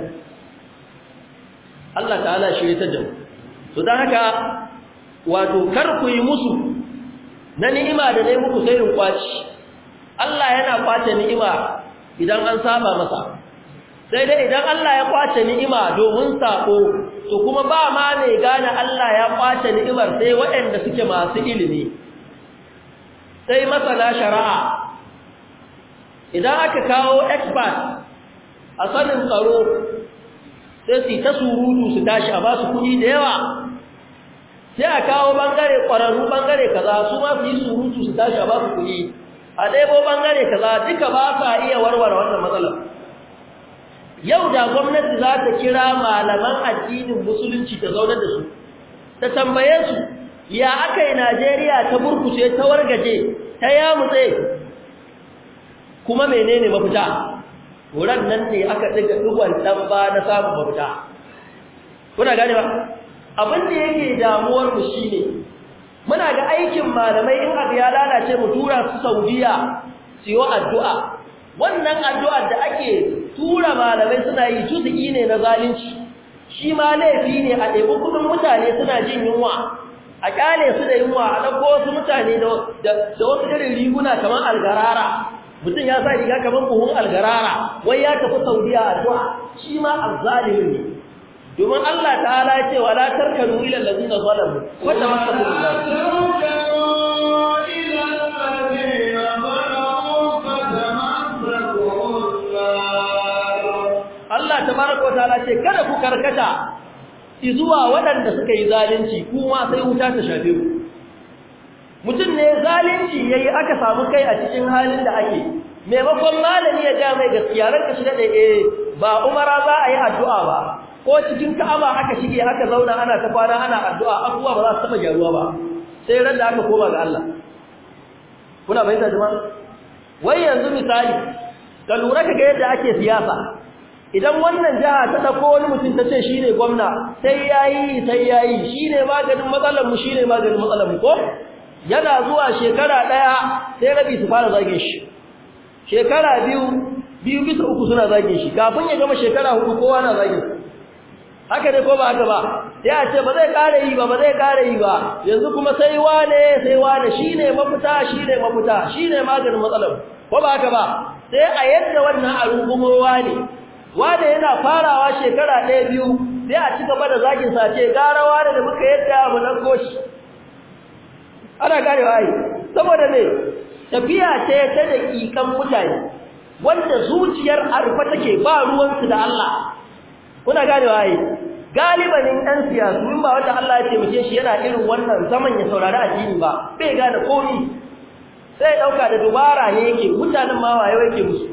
Allah ta'ala shi ya tada to dan haka wato kar ku yi musu na ni'ima da nayi muku sai in kwaci Allah yana kwace ni'ima idan an saba masa sai dai idan Allah ya kwace ni'ima domin sako to kuma ba ma ne gane Allah ya kwace ni'imar sai waɗanda suke masu ilimi sai masana shari'a idan aka kawo expert a sanin tsaro sai su ta surutu su tashi a ba su kuɗi da yawa sai a kawo bangare ƙwararru bangare kaza su ma su yi surutu su tashi a ba su kuɗi a ɗebo bangare kaza duka ba sa iya warware wannan matsalar yau da gwamnati za ta kira malaman addinin musulunci ta zaunar da su ta tambaye su ya aka yi najeriya ta burkushe ta wargaje ta yamutse kuma menene mafita wuran nan ne aka ɗiga ɗigon ɗan ba na samun mafita kuna gane ba abin da yake damuwar mu shine muna ga aikin malamai in abu ya lalace mu tura su saudiya siyo addu'a wannan addu'ar da ake tura malamai suna yi juzu'i ne na zalunci shi ma laifi ne a ɗaiɓu kudin mutane suna jin yunwa a ƙyale su da yunwa a ɗauko wasu mutane da wasu irin riguna kamar algarara mutum ya sa riga kamar buhun algarara wai ya tafi saudiya a zuwa shi ma azzalimin ne domin allah ta'ala ya ce wa la tarkanu ila na zalamu wata masu tabaraka wa ce kada ku karkata zuwa waɗanda suka yi zalunci kuma sai wuta ta shafe ku mutum ne zalunci yayi aka samu kai a cikin halin da ake maimakon malami ya ja mai gaskiya ranka shi dai eh ba umara za a yi addu'a ba ko cikin ka'aba aka shige aka zauna ana ta fara ana addu'a abubuwa ba za su taba gyaruwa ba sai ran da aka koma ga Allah kuna bayyana jama'a wai yanzu misali ka lura ka ga yadda ake siyasa idan wannan jaha ta dako wani mutum ta ce shine gwamna sai yayi sai yayi shine maganin matsalar mu shine maganin matsalar mu ko yana zuwa shekara daya sai rabi su fara zage shi shekara biyu biyu bisa uku suna zage shi kafin ya gama shekara hudu kowa na zage shi haka ne ko ba haka ba sai a ce ba zai kare yi ba ba zai kare yi ba yanzu kuma sai wane sai wane shine mafita shine mafita shine maganin matsalar ko ba haka ba sai a yadda wannan a rungumowa ne wanda yana farawa shekara ɗaya biyu sai a ci gaba da zagin sa ce gara wanda da muka yadda mu nan koshi ana gane wai saboda ne tafiya ce ta daƙiƙan mutane wanda zuciyar arfa take ba ruwansu da Allah kuna gane wai galibanin ɗan siyasa, in ba wanda Allah ya taimake shi yana irin wannan zaman ya saurari addini ba bai gane komai sai ɗauka da dubara ne yake mutanen ma wayo yake musu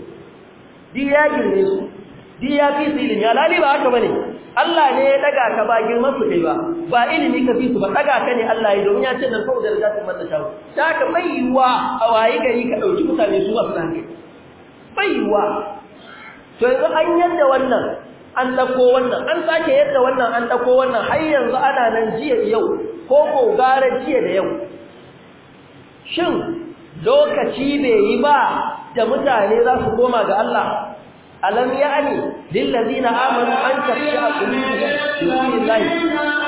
diyagin ne su duk ya fi su ilimi alhali ba haka bane Allah ne ya daga ka ba girman su kai ba ba ilimi ka fi su ba daga ka ne Allah ya domin ya ce dan saboda da zaka manta shawo ta ka baiwa a wayi gari ka dauki mutane su wasu nan Bayyuwa. to yanzu an yadda wannan an dako wannan an sake yadda wannan an dako wannan har yanzu ana nan jiya yau ko ko gara jiya da yau shin lokaci bai yi ba da mutane za su koma ga Allah alam ya'ni lil ladina amanu an tafsha qulubuhum bi dhikrillah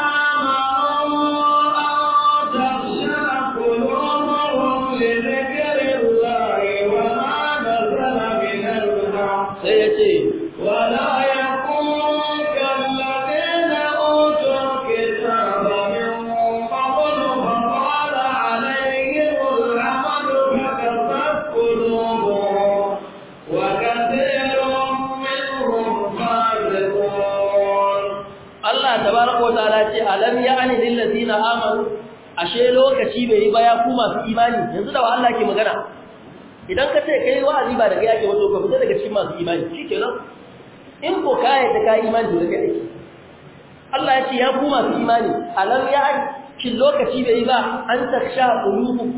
shi bai yi ba ya ku masu imani yanzu da Allah ke magana idan ka ce kai wa'azi ba daga yake wato ka fita daga cikin masu imani shikenan in ko ka yadda ka imani da kai Allah ya ce ya ku masu imani alam ya kin lokaci bai yi ba an ta sha qulubu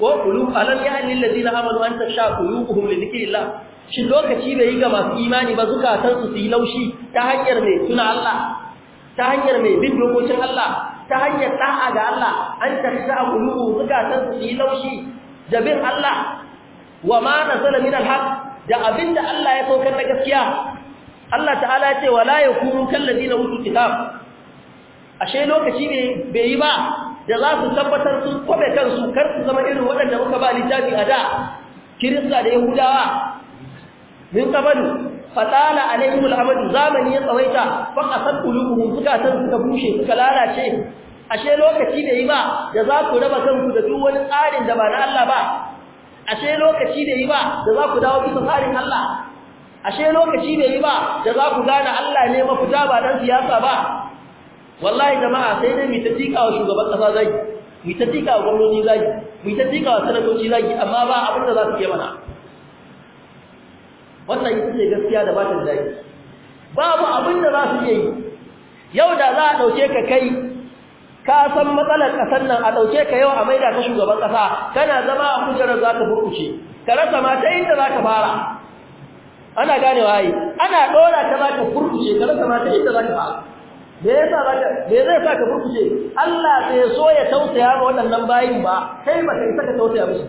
wa qulub alam ya lil ladina amanu an ta taksha qulubuhum li dhikrillah shi lokaci bai yi ga masu imani ba zukatansu su yi laushi ta hanyar mai suna Allah ta hanyar mai bin dokokin Allah ta hanyar da'a ga Allah an tarsha a kulubu zukatan su yi laushi da bin Allah wa ma nazala min alhaq da abinda Allah ya saukar da gaskiya Allah ta'ala ya ce wala yakunu zina utul kitab ashe lokaci ne bai yi ba da za su tabbatar su kwabe kansu kar su zama irin waɗanda muka ba littafi a da kirista da yahudawa min kabalu fatala alaihim al'amadu zamani ya tsawaita fa qasat qulubuhum zukatan suka bushe suka lalace ashe lokaci da yi ba da za ku raba kanku da duk wani tsarin da ba na Allah ba ashe lokaci da yi ba da za ku dawo bisa tsarin Allah ashe lokaci da yi ba da za ku gane Allah ne mafita ba dan siyasa ba wallahi jama'a sai dai mu ta tika wa shugaban kasa zaki mu ta tika wa gwamnati zaki mu ta tika wa sanatoci zaki amma ba abin da za su ke mana wannan ita ce gaskiya da ba ta da daɗi babu abin da za su iya yi yau da za a ɗauke ka kai ka san matsalar ƙasar nan a ɗauke ka yau a maida ka shugaban ƙasa kana zama a kujerar za ka burkuce ka rasa ma ta inda za ka fara ana ganewa yi ana ɗora ka za ka burkuce ka rasa ma ta inda za ka fara me yasa zaka me zai sa ka burkuce Allah bai so ya tausaya ma waɗannan bayin ba kai ba isa saka tausaya musu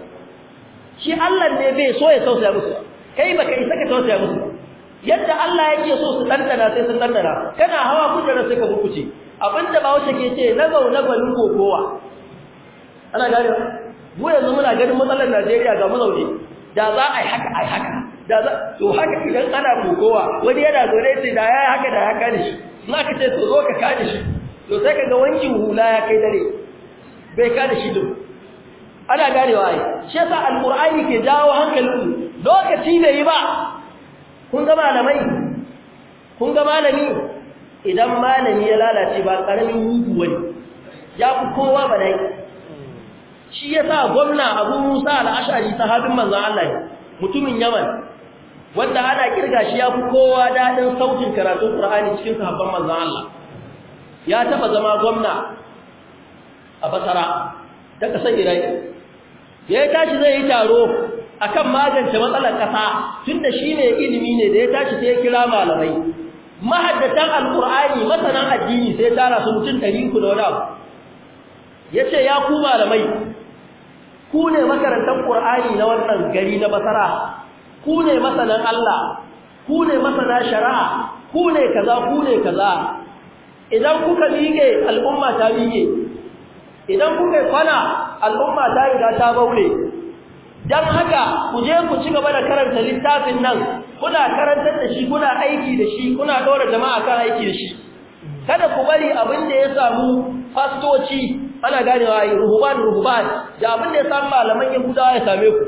shi Allah ne bai so ya tausaya musu ba kai ka isa ka tausaya musu yadda Allah yake so su tantana sai sun tantana kana hawa da sai ka bukuce abinda ba wace ke ce na gau na balin kokowa ana gane mu yanzu muna ganin matsalar Najeriya ga mazauni da za a yi haka a yi haka da za to haka idan ana kokowa wani yana zo ne da ya yi haka da ya kane shi in aka ce to zo ka kane shi to sai ka ga wankin hula ya kai dare bai kada shi duk ana ganewa ai shi yasa alqur'ani ke jawo hankalin lokaci bai yi ba kun ga malamai kun ga malami idan malami ya lalace ba karamin hudu wani ya fi kowa ba dai. shi yasa gwamna Abu Musa al-Ash'ari sahabin manzon Allah mutumin Yaman wanda ana kirga shi ya fi kowa daɗin sautin karatun ƙur'ani cikin sahabban manzon Allah ya taba zama gwamna a basara. ta kasar Iraki da ya tashi zai yi taro a kan magance matsalar ƙasa tunda shi ne ilimi ne da ya tashi sai ya kira malamai mahaddatan alƙur'ani masanan addini sai tara su mutum ɗari uku da wani abu ya ce ya ku malamai ku ne makarantar ƙur'ani na wannan gari na basara ku ne masanan allah ku ne masana shari'a ku ne kaza ku ne kaza idan kuka miƙe al'umma ta miƙe idan kuka kwana al'umma ta riga ta baule dan haka ku je ku ci gaba da karanta littafin nan kuna karantar da shi kuna aiki da shi kuna dora jama'a kan aiki da shi kada ku bari abin da ya samu fastoci ana wa ruhuban ruhuban da abin da ya samu malaman yahudawa ya same ku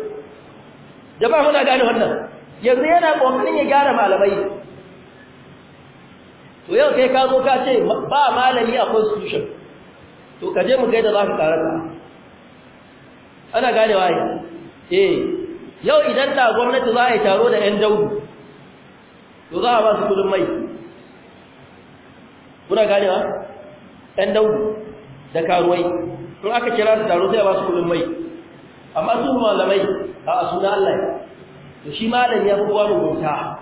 jama'a muna gane wannan yanzu yana kokarin ya gyara malamai to yau kai ka zo ka ce ba malami a constitution to kaje mu gaida za ka karanta ana gane waye eh yau idan da gwamnati za a yi taro da ƴan daudu to za a ba su kudin mai kuna gane wa ƴan daudu da karuwai in aka kira su taro sai a ba su kudin mai amma su malamai a suna Allah to shi malam ya fi kowa mugunta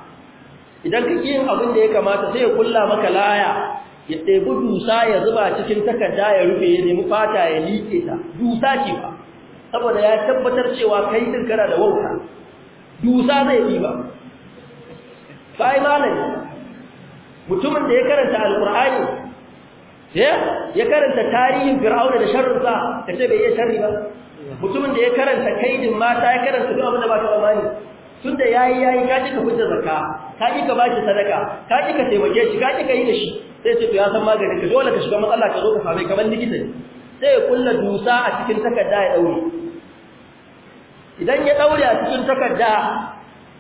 idan kake yin abin da ya kamata sai ya kulla maka laya ya ɗebi dusa ya zuba cikin takarda ya rufe ya nemi fata ya liƙe ta dusa ce ba saboda ya tabbatar cewa kai din kana da wauta dusa zai yi ba sai malami mutumin da ya karanta alqur'ani ya ya karanta tarihin fir'auna da sharrinsa kace bai iya sharri ba mutumin da ya karanta kaidin mata ya karanta duk abin da ba amani tun da yayi yayi ka ji ka fitar zakka ka ji ka bashi sadaka ka ji ka taimake shi ka ji ka yi da shi sai ce to ya san magani ka dole ka shiga matsala ka zo ka same kamar likita ne sai ya kulla dusa a cikin takarda ya daure idan ya daure a cikin takarda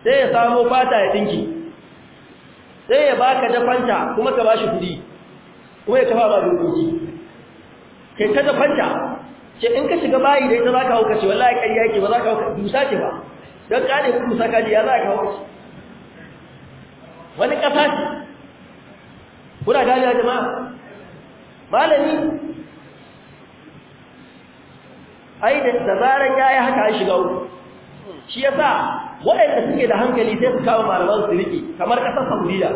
sai ya samu fata ya dinki sai ya baka dafanta kuma ka bashi kudi kuma ya kafa ba dokoki kai ka dafanta ce in ka shiga bayi dai ta za ka hauka ce wallahi ƙarya yake ba za ka hauka dusa ce ba don kane dusa kaji ya za ka hauka ce wani ƙasa ce kuna gani jama'a malami ai da ya yayi haka an shiga uku shi yasa waɗanda suke da hankali sai su kawo malaman su riƙe kamar ƙasar Saudiya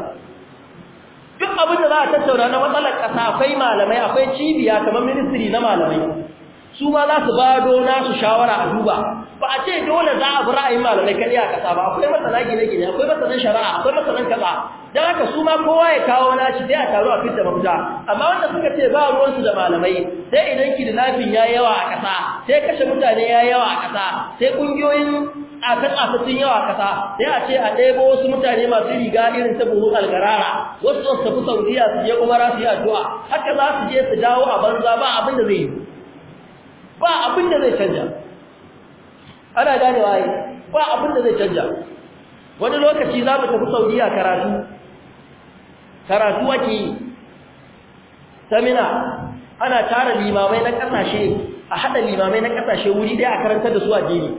duk abin da za a tattauna na matsalar ƙasa akwai malamai akwai cibiya kamar ministry na malamai su ma za su bado nasu shawara a duba ba a ce dole za a bi ra'ayin malamai kaɗai a ƙasa ba akwai masana gine-gine akwai masanan shari'a akwai masanan kaza dan haka su ma kowa ya kawo shi dai a taro a fitta mafita amma wanda suka ce ba ruwan su da malamai sai idan kidnapping ya yawa a ƙasa sai kashe mutane ya yawa a ƙasa sai ƙungiyoyin akan asasin yawa a ƙasa sai a ce a ɗebo wasu mutane masu riga irin ta buhu algarara wasu su tafi saudiya su je umara su yi addu'a haka za su je su dawo a banza ba abin da zai yi ba abin da zai canja ana ganewa ba abin da zai canja wani lokaci za mu tafi saudiya karatu karatu ake yi samina ana tara limamai na kasashe a hada limamai na kasashe wuri dai a karantar da su a jini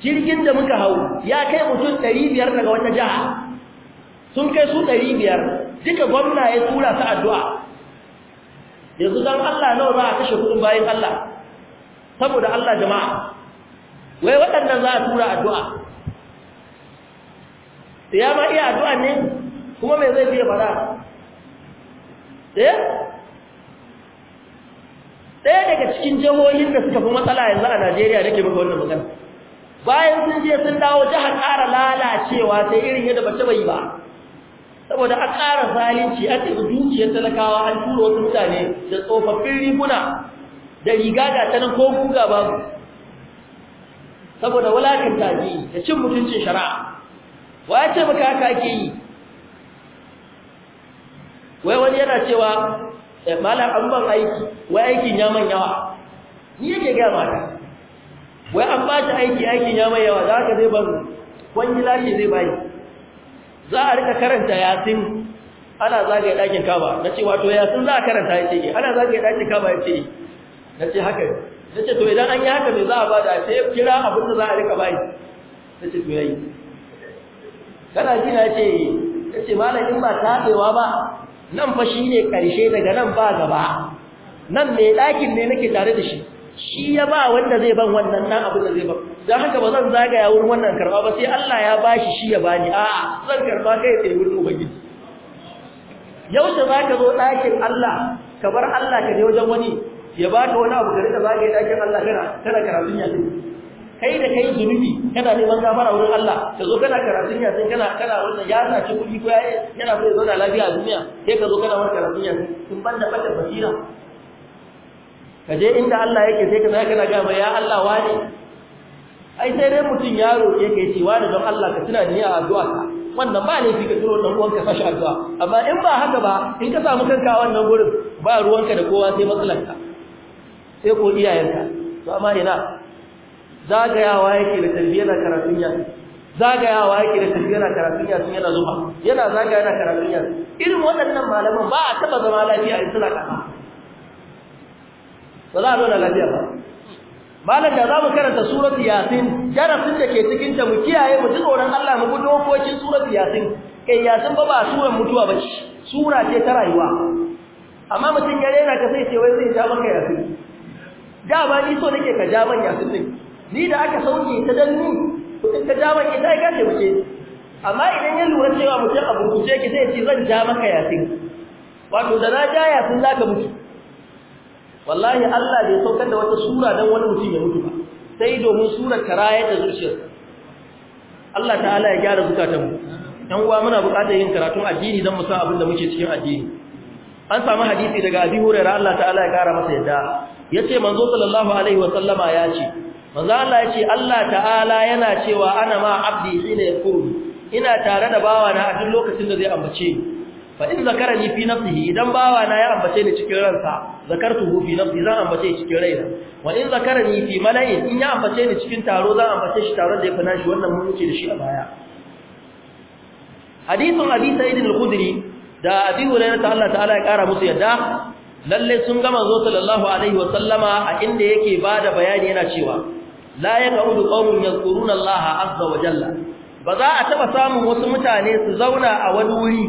jirgin da muka hau ya kai mutum 500 daga wata jiha sun kai su 500 duka gwamna ya tura su addu'a yanzu don Allah nawa za a kashe kudin bayan Allah saboda Allah jama'a wai waɗannan za a tura addu'a ya ma iya addu'a ne kuma mai zai biya fada eh ɗaya daga cikin jihohin da suka fi matsala yanzu a Najeriya da ke maka wannan magana bayan sun je sun dawo jihar ƙara lalacewa sai irin yadda bace bai ba saboda a ƙara zalunci a ce dukiyar talakawa an tura wasu mutane da tsofaffin riguna da riga ga ta nan ko guga babu saboda wulakin taji da cin mutuncin shari'a wa ya ce maka haka ake yi wai wani yana cewa eh, malam an ban aiki wai aikin ya man yawa ni yake gaya mata wai an ba shi aiki aikin ya man yawa zaka zai ban wani lafiya zai bayi za a rika karanta yasin ana zagaye ɗakin kaba na ce wato yasin za a karanta ya ce eh. ana zagaye ɗakin kaba ya ce eh. na ce haka na ce to idan an yi haka me za a ba da sai kira abin da za a rika bai na ce to yayi kana ji na ce ya ce malamin ba taɗewa ba nan fa shi ne ƙarshe daga nan ba gaba nan mai ɗakin ne nake tare da shi shi ya ba wanda zai ban wannan nan abu da zai ban Da haka ba zan zagaya wurin wannan karɓa ba sai Allah ya ba shi shi ya bani a'a zan karɓa kai sai wurin ubangiji yau za ka zo ɗakin Allah ka bar Allah ka je wajen wani ya baka wani abu ka rika yi ɗakin Allah kana kana karatun ne kai da kai zunubi kana neman gafara wurin Allah ka zo kana karatun yasin kana kana wannan ya sace kuɗi ko yaye yana so ya zauna lafiya a duniya sai ka zo kana wannan karatun yasin in banda bata basira ka je inda Allah yake sai ka zaka kana ga ba ya Allah wani ai sai dai mutum ya roƙe ka yace wani don Allah ka tuna ni a addu'a ka wannan ba ne fika turo dan uwanka sashi addu'a amma in ba haka ba in ka samu kanka wannan gurin ba ruwanka da kowa sai matsalarka sai ko iyayenka to amma ina zagayawa yake da talbiya na karatun yasin zagayawa yake da talbiya na karatun yasin yana zuba yana zagaya na karatun yasin irin waɗannan malaman ba a taɓa zama lafiya a suna ƙasa ba za a zauna lafiya ba malam da za mu karanta suratul yasin darasin da ke cikin ta mu kiyaye mu ji tsoron Allah mu gudu dokokin suratul yasin kai yasin ba ba suran mutuwa ba ce sura ce ta rayuwa amma mutum ya rena ka sai ce wai zai ja maka yasin da ba ni so nake ka ja man yasin din ni da aka sauke ta dan ni in ka ja maka ita ga wuce amma idan ya lura cewa mutum a kuce ki zai ci zan ja maka yasin wato da na ja yasin zaka mutu wallahi Allah bai saukar da wata sura dan wani mutum ya mutu ba sai domin surar karaya ta zuciyar Allah ta'ala ya gyara zukatan mu dan uwa muna buƙatar yin karatun addini dan mu san abin da muke cikin addini an samu hadisi daga Abi Hurairah Allah ta'ala ya kara masa yadda yace manzo sallallahu alaihi wa sallama ya ce manzo Allah yace Allah ta'ala yana cewa ana ma abdi ya yaqulu ina tare da na a duk lokacin da zai ambace ni fa in zakarani fi nafsihi idan bawa na ya ambace ni cikin ransa zakartuhu fi nafsi zan ambace cikin raina wa in zakarani fi mala'i in ya ambace ni cikin taro zan ambace shi taron da ya fana shi wannan mun yace da shi a baya hadithun abi sa'id al-khudri da abi hurairah Allah ta'ala ya kara musu yadda lalle sun gama zo sallallahu alaihi wa sallama a inda yake bada bayani yana cewa la yaqulu qawmun yadhkuruna Allah azza wa jalla ba za a taba samun wasu mutane su zauna a wani wuri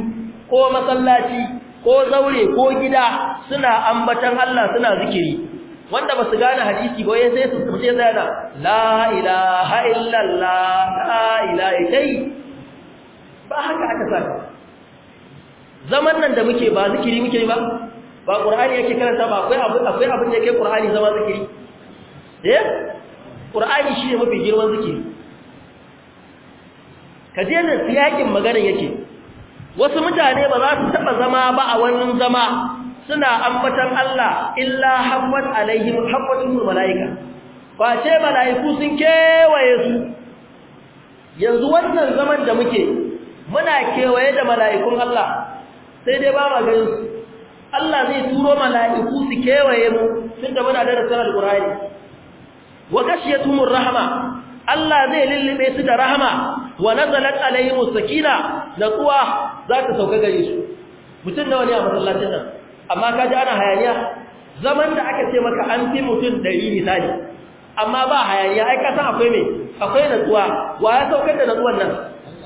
ko masallaci ko zaure ko gida suna ambatan Allah suna zikiri wanda ba su gane hadisi ba sai su fice zana la ilaha illallah la ilaha kai ba haka aka saka zaman nan da muke ba zikiri muke ba ba qur'ani yake karanta ba akwai abin akwai abin da yake qur'ani zama zikiri eh qur'ani ne mafi girman zikiri ka je da siyakin maganin yake wasu mutane ba za su taɓa zama ba a wannan zama suna ambatan Allah illa habbat alaihim habbatul malaika kwace malaiku sun kewaye su yanzu wannan zaman da muke muna kewaye da malaikun Allah sai dai ba ma ganin su Allah zai turo malaiku su kewaye mu da muna darasin alqur'ani wa ghashiyatuhumur rahama? Allah zai lullube su da rahama wa nazalat alaihimus sakina natsuwa za ta sauka gare su mutum nawa ne a masallacin nan amma ka ji ana hayaniya zaman da aka ce maka an fi mutum 100 misali amma ba hayaniya ai ka san akwai me akwai natsuwa wa ya saukar da natsuwan nan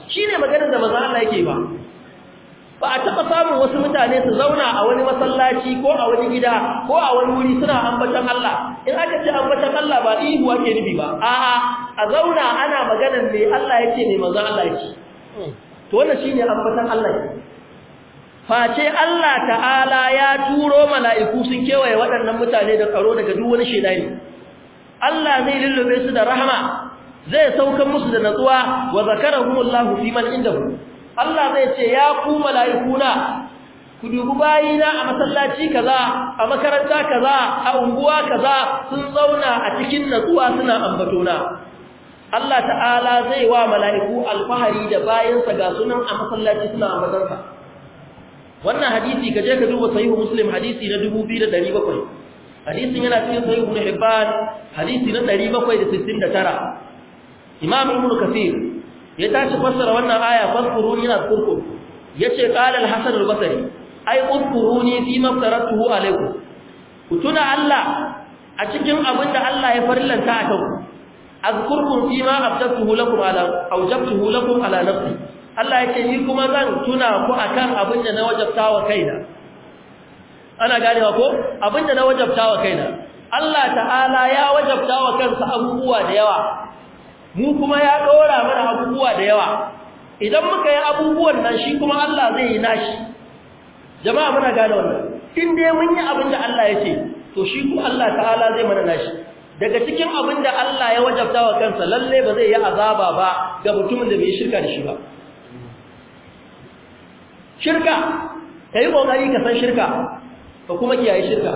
shine maganar da manzo Allah yake ba ba a taɓa samun wasu mutane su zauna a wani masallaci ko a wani gida ko a wani wuri suna ambatan Allah in aka ce ambatan Allah ba ihu ake nufi ba a'a a zauna ana maganar me Allah yake ne manzon Allah yake to wannan shine ambatan Allah face Allah ta'ala ya turo mala'iku sun kewaye waɗannan mutane da tsaro daga duk wani shedani Allah zai lullube su da rahama zai saukar musu da natsuwa wa zakarahumullahu fi man indahu Allah zai ce ya ku mala'ikuna ku dubi bayina a masallaci kaza a makaranta kaza a unguwa kaza sun zauna a cikin natsuwa suna ambatona Allah ta'ala zai wa mala'iku alfahari da sa ga sunan a masallaci suna ambatarsa wannan hadisi ka je ka duba sahihu muslim hadisi na 2700 hadisin yana cikin sahihu ibn hibban hadisi na 769 imam ibn kathir ya tashi fassara wannan aya fadkuruni azkurkum yace qala al-hasan al-basri ai udkuruni fi maftaratuhu alaikum ku tuna Allah a cikin abinda Allah ya farillanta a kanku azkurkum fi ma abtatuhu lakum ala awjabtuhu lakum ala nafsi Allah yake ni kuma zan tuna ku akan abinda na wajabta wa kaina ana gane wa ko abinda na wajabta wa kaina Allah ta'ala ya wajabta wa kansa abubuwa da yawa mu kuma ya ɗora mana abubuwa da yawa idan muka yi abubuwan nan shi kuma Allah zai yi nashi jama'a muna gane wannan in dai mun yi abin da Allah ya ce to shi kuma Allah ta'ala zai mana nashi daga cikin abin da Allah ya wajabta wa kansa lalle ba zai yi azaba ba ga mutumin da bai shirka da shi ba shirka kai kokari ka san shirka ka kuma kiyaye shirka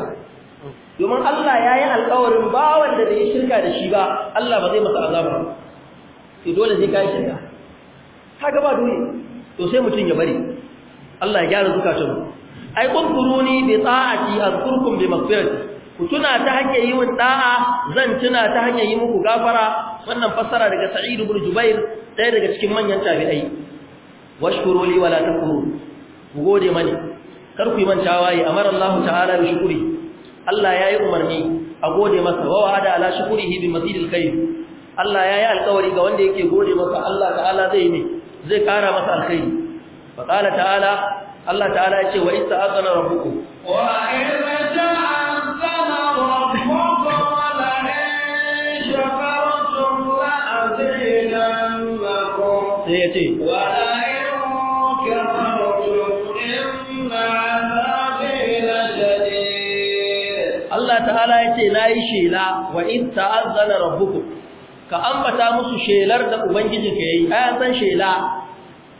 domin Allah ya yi alƙawarin bawan da bai shirka da shi ba Allah ba zai masa azaba ba to dole sai ka yi shirka ka gaba dole to sai mutum ya bari Allah ya gyara zukatun ai kun kuruni bi ta'ati azkurkum bi maghfirati ku tuna ta hanyar yi min da'a zan tuna ta hanyar yi muku gafara wannan fassara daga Sa'id ibn Jubair ɗaya daga cikin manyan tabi'ai washkuru li wala takfuru ku gode mani kar ku yi man tawaye amara Allah ta'ala bi shukuri Allah ya yi umarni a gode masa wa wa'ada ala shukurihi bi mazidil khair Allah ya yi alƙawari ga wanda yake gode masa Allah ta'ala zai ne zai kara masa alkhairi fa qala ta'ala Allah ta'ala ya ce wa ista'azana rabbukum wa ista'azana
rabbukum la in shakartum la azidannakum sai ya ce wa
Allah ta'ala ya ce na yi shela wa in ta'azzana rabbukum ka ambata musu shelar da ubangijinka yayi ayan san shela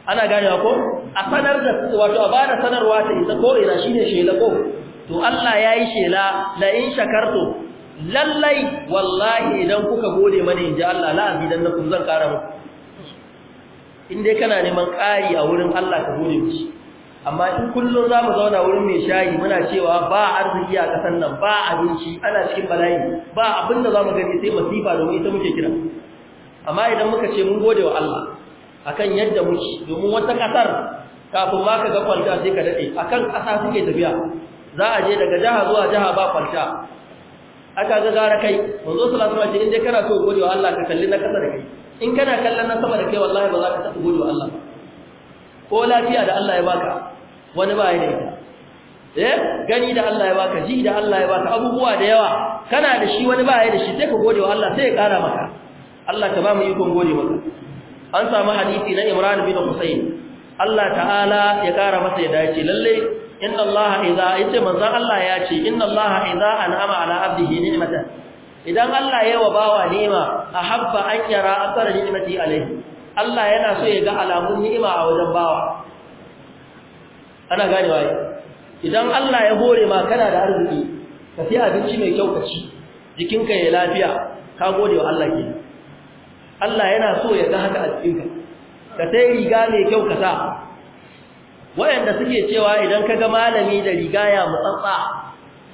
ana gane ko a sanar da wato a bada sanarwa ta isa ko ina shine shela ko to Allah yayi shela la in shakartu lallai wallahi idan kuka gode mana inji Allah la dan nakum zan kara muku in dai kana neman ƙari a wurin Allah ka gode shi. amma in kullum za mu zauna wurin mai shayi muna cewa ba arziki a ƙasar nan ba abinci ana cikin bala'i ba abin da za mu gani sai masifa domin ita muke kira amma idan muka ce mun gode wa Allah akan yadda muke domin wata ƙasar kafin ma ka ga kwalta sai ka daɗe akan ƙasa suke tafiya za a je daga jaha zuwa jaha ba kwalta aka ga gara kai manzo sallallahu alaihi wasallam in kana so gode wa Allah ka kalli na ƙasa da kai in kana kallon na sama da kai wallahi ba za ka taɓa gode wa Allah ko lafiya da Allah ya baka wani ba ya da ita eh gani da Allah ya baka ji da Allah ya baka abubuwa da yawa kana da shi wani ba ya da shi sai ka gode wa Allah sai ya kara maka Allah ta ba mu ikon gode maka an samu hadisi na Imran bin Husayn Allah ta'ala ya kara masa ya dace lalle inna Allah idza yace manzon Allah ya ce inna Allah idza an'ama ala abdihi ni'matan idan Allah ya wa bawa ni'ima ahabba an yara asara ni'mati alaihi Allah yana so ya ga alamun ni'ima a wajen bawa ana ganewa idan Allah ya hore ma kana da arziki ka fi abinci mai kyau ka ci jikinka ya lafiya ka gode wa Allah ke Allah yana so ya ga haka a cikinka ka sai riga mai kyau ka sa wayanda suke cewa idan ka ga malami da riga ya mutsatsa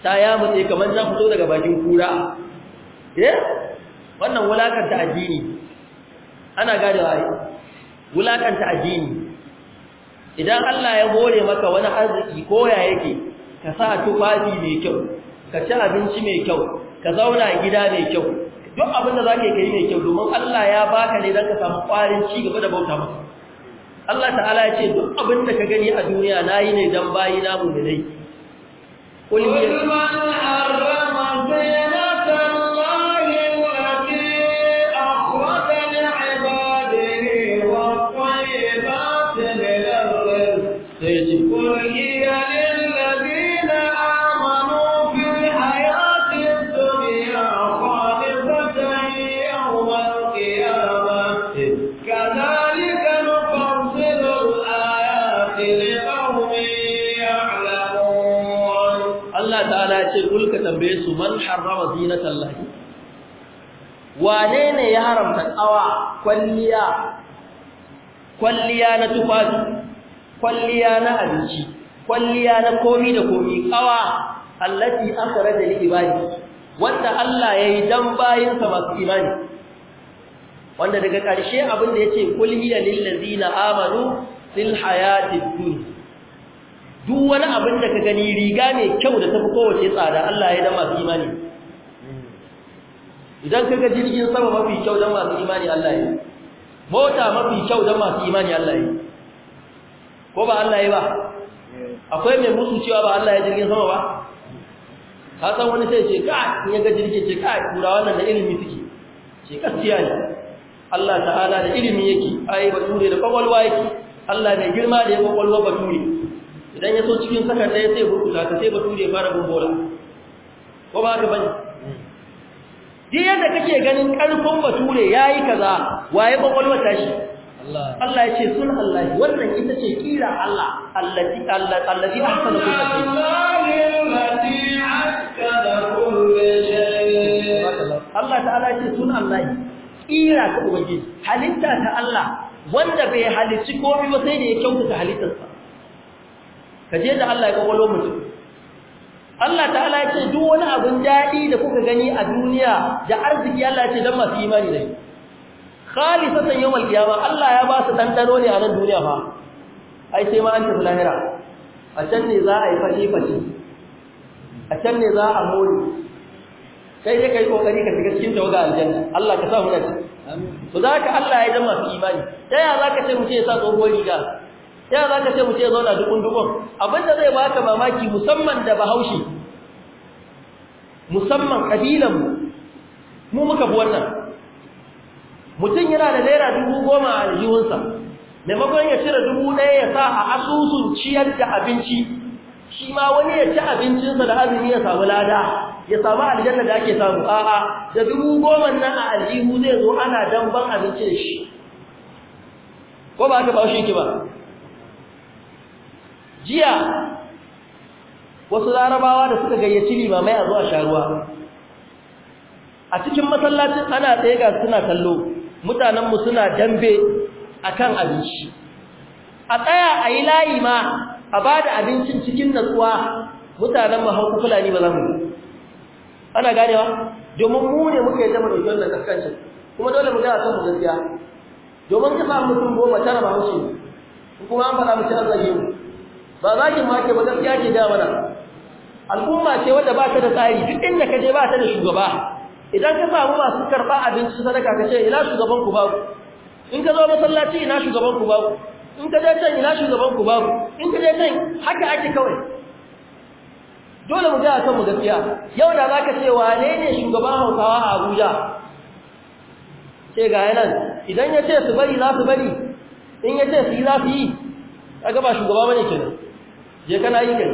ta ya mutse kamar ta fito daga bakin kura eh wannan wulakanta addini ana ganewa wulakanta addini idan Allah ya hore maka wani arziki ko ya yake ka sa tufafi mai kyau ka ci abinci mai kyau ka zauna gida mai kyau duk abin da zaka yi mai kyau domin Allah ya baka ne dan ka samu kwarin ci gaba da bauta masa Allah ta'ala ya ce duk abin da ka gani a duniya nayi ne dan bayi namu da dai zinatallahi wane ne ya haramta tsawa kwalliya kwalliya na tufafi kwalliya na abinci kwalliya na komi da komi tsawa allati akhraja li ibadi wanda Allah yayi dan bayinsa masu imani wanda daga ƙarshe abin da yace kul hiya lil ladina amanu fil hayatid dunya duk wani abin da ka gani riga mai kyau da tafi kowace tsada Allah ya dan masu imani idan kaga jirgin sama mafi kyau dan masu imani Allah yi mota mafi kyau dan masu imani Allah yi ko ba Allah yi ba akwai mai musu cewa ba Allah ya jirgin sama ba ka san wani sai ce ka in ya ga jirgin ce ka kura nan da ilimi suke ce gaskiya ne Allah ta'ala da ilimi yake ai ture da kwakwalwa yake Allah ne girma da ya kwakwalwa ture, idan ya so cikin sakar ɗaya sai burkuta ta sai bature ya fara bumbola ko ba ka bane duk yadda kake ganin karfin bature yayi kaza waye kwakwalwar tashi Allah Allah yace sun Allah wannan ita ce kira Allah allati Allah allati ahsana kulli shay Allah ta'ala yace sun Allah kira ta ubangiji halitta ta Allah wanda bai halicci komai ba sai da ya kyautata halittarsa kaje da Allah ya kwakwalwar mutum Allah ta'ala ya ce duk wani abin daɗi da kuka gani a duniya da arziki Allah ya ce don masu imani ne khalisatan yawmal qiyama Allah ya ba su dandano ne a nan duniya fa ai sai ma an tafi lahira a can ne za a yi fashi fashi a can ne za a mori. sai dai kai kokari ka shiga cikin tawaga aljanna Allah ka sa mu dace to za ka Allah ya zama fi imani ta za ka ce mu ce sa tsohuwar riga ta za ka ce mu ce zauna dukun dukun abinda zai baka mamaki musamman da Bahaushe musamman kabilan mu muka bi wannan mutum yana da naira dubu goma a aljihunsa mai maimakon ya cire dubu ɗaya ya sa a asusun ciyar da abinci shi ma wani ya ci abincinsa da azumi ya samu lada ya samu aljanna da ake samu a'a da dubu goma nan a aljihu zai zo ana damban abinci da shi ko ba haka ba shi ki ba jiya wasu larabawa da suka gayyaci limamai a zuwa sharuwa a cikin masallacin ana tsaye ga suna kallo mutanenmu suna dambe akan abinci a tsaya a yi layi ma a ba da abincin cikin natsuwa mutanenmu hauku fulani ba za mu ana ganewa domin mu ne muka yi zama da wannan kaskancin kuma dole mu gaya mu gaskiya domin ka samu mutum goma tara ba haushi kuma an faɗa mu ci arzage mu ba za ki ma ke ba gaskiya ke da mana al'umma ce wadda ba ta da tsari duk inda ka je ba ta da shugaba idan ka samu masu karɓa abinci sadaka ka ce ina shugaban ku babu in ka zo masallaci ina shugaban ku babu in ka je can ina shugaban ku babu in ka je can haka ake kawai dole mu ga kanmu mu gaskiya yau da za ka ce wane ne shugaban Hausawa a Abuja sai ga yanan idan ya ce su bari za su bari in ya ce su yi za su yi kaga gaba shugaba bane kenan je kana yi kai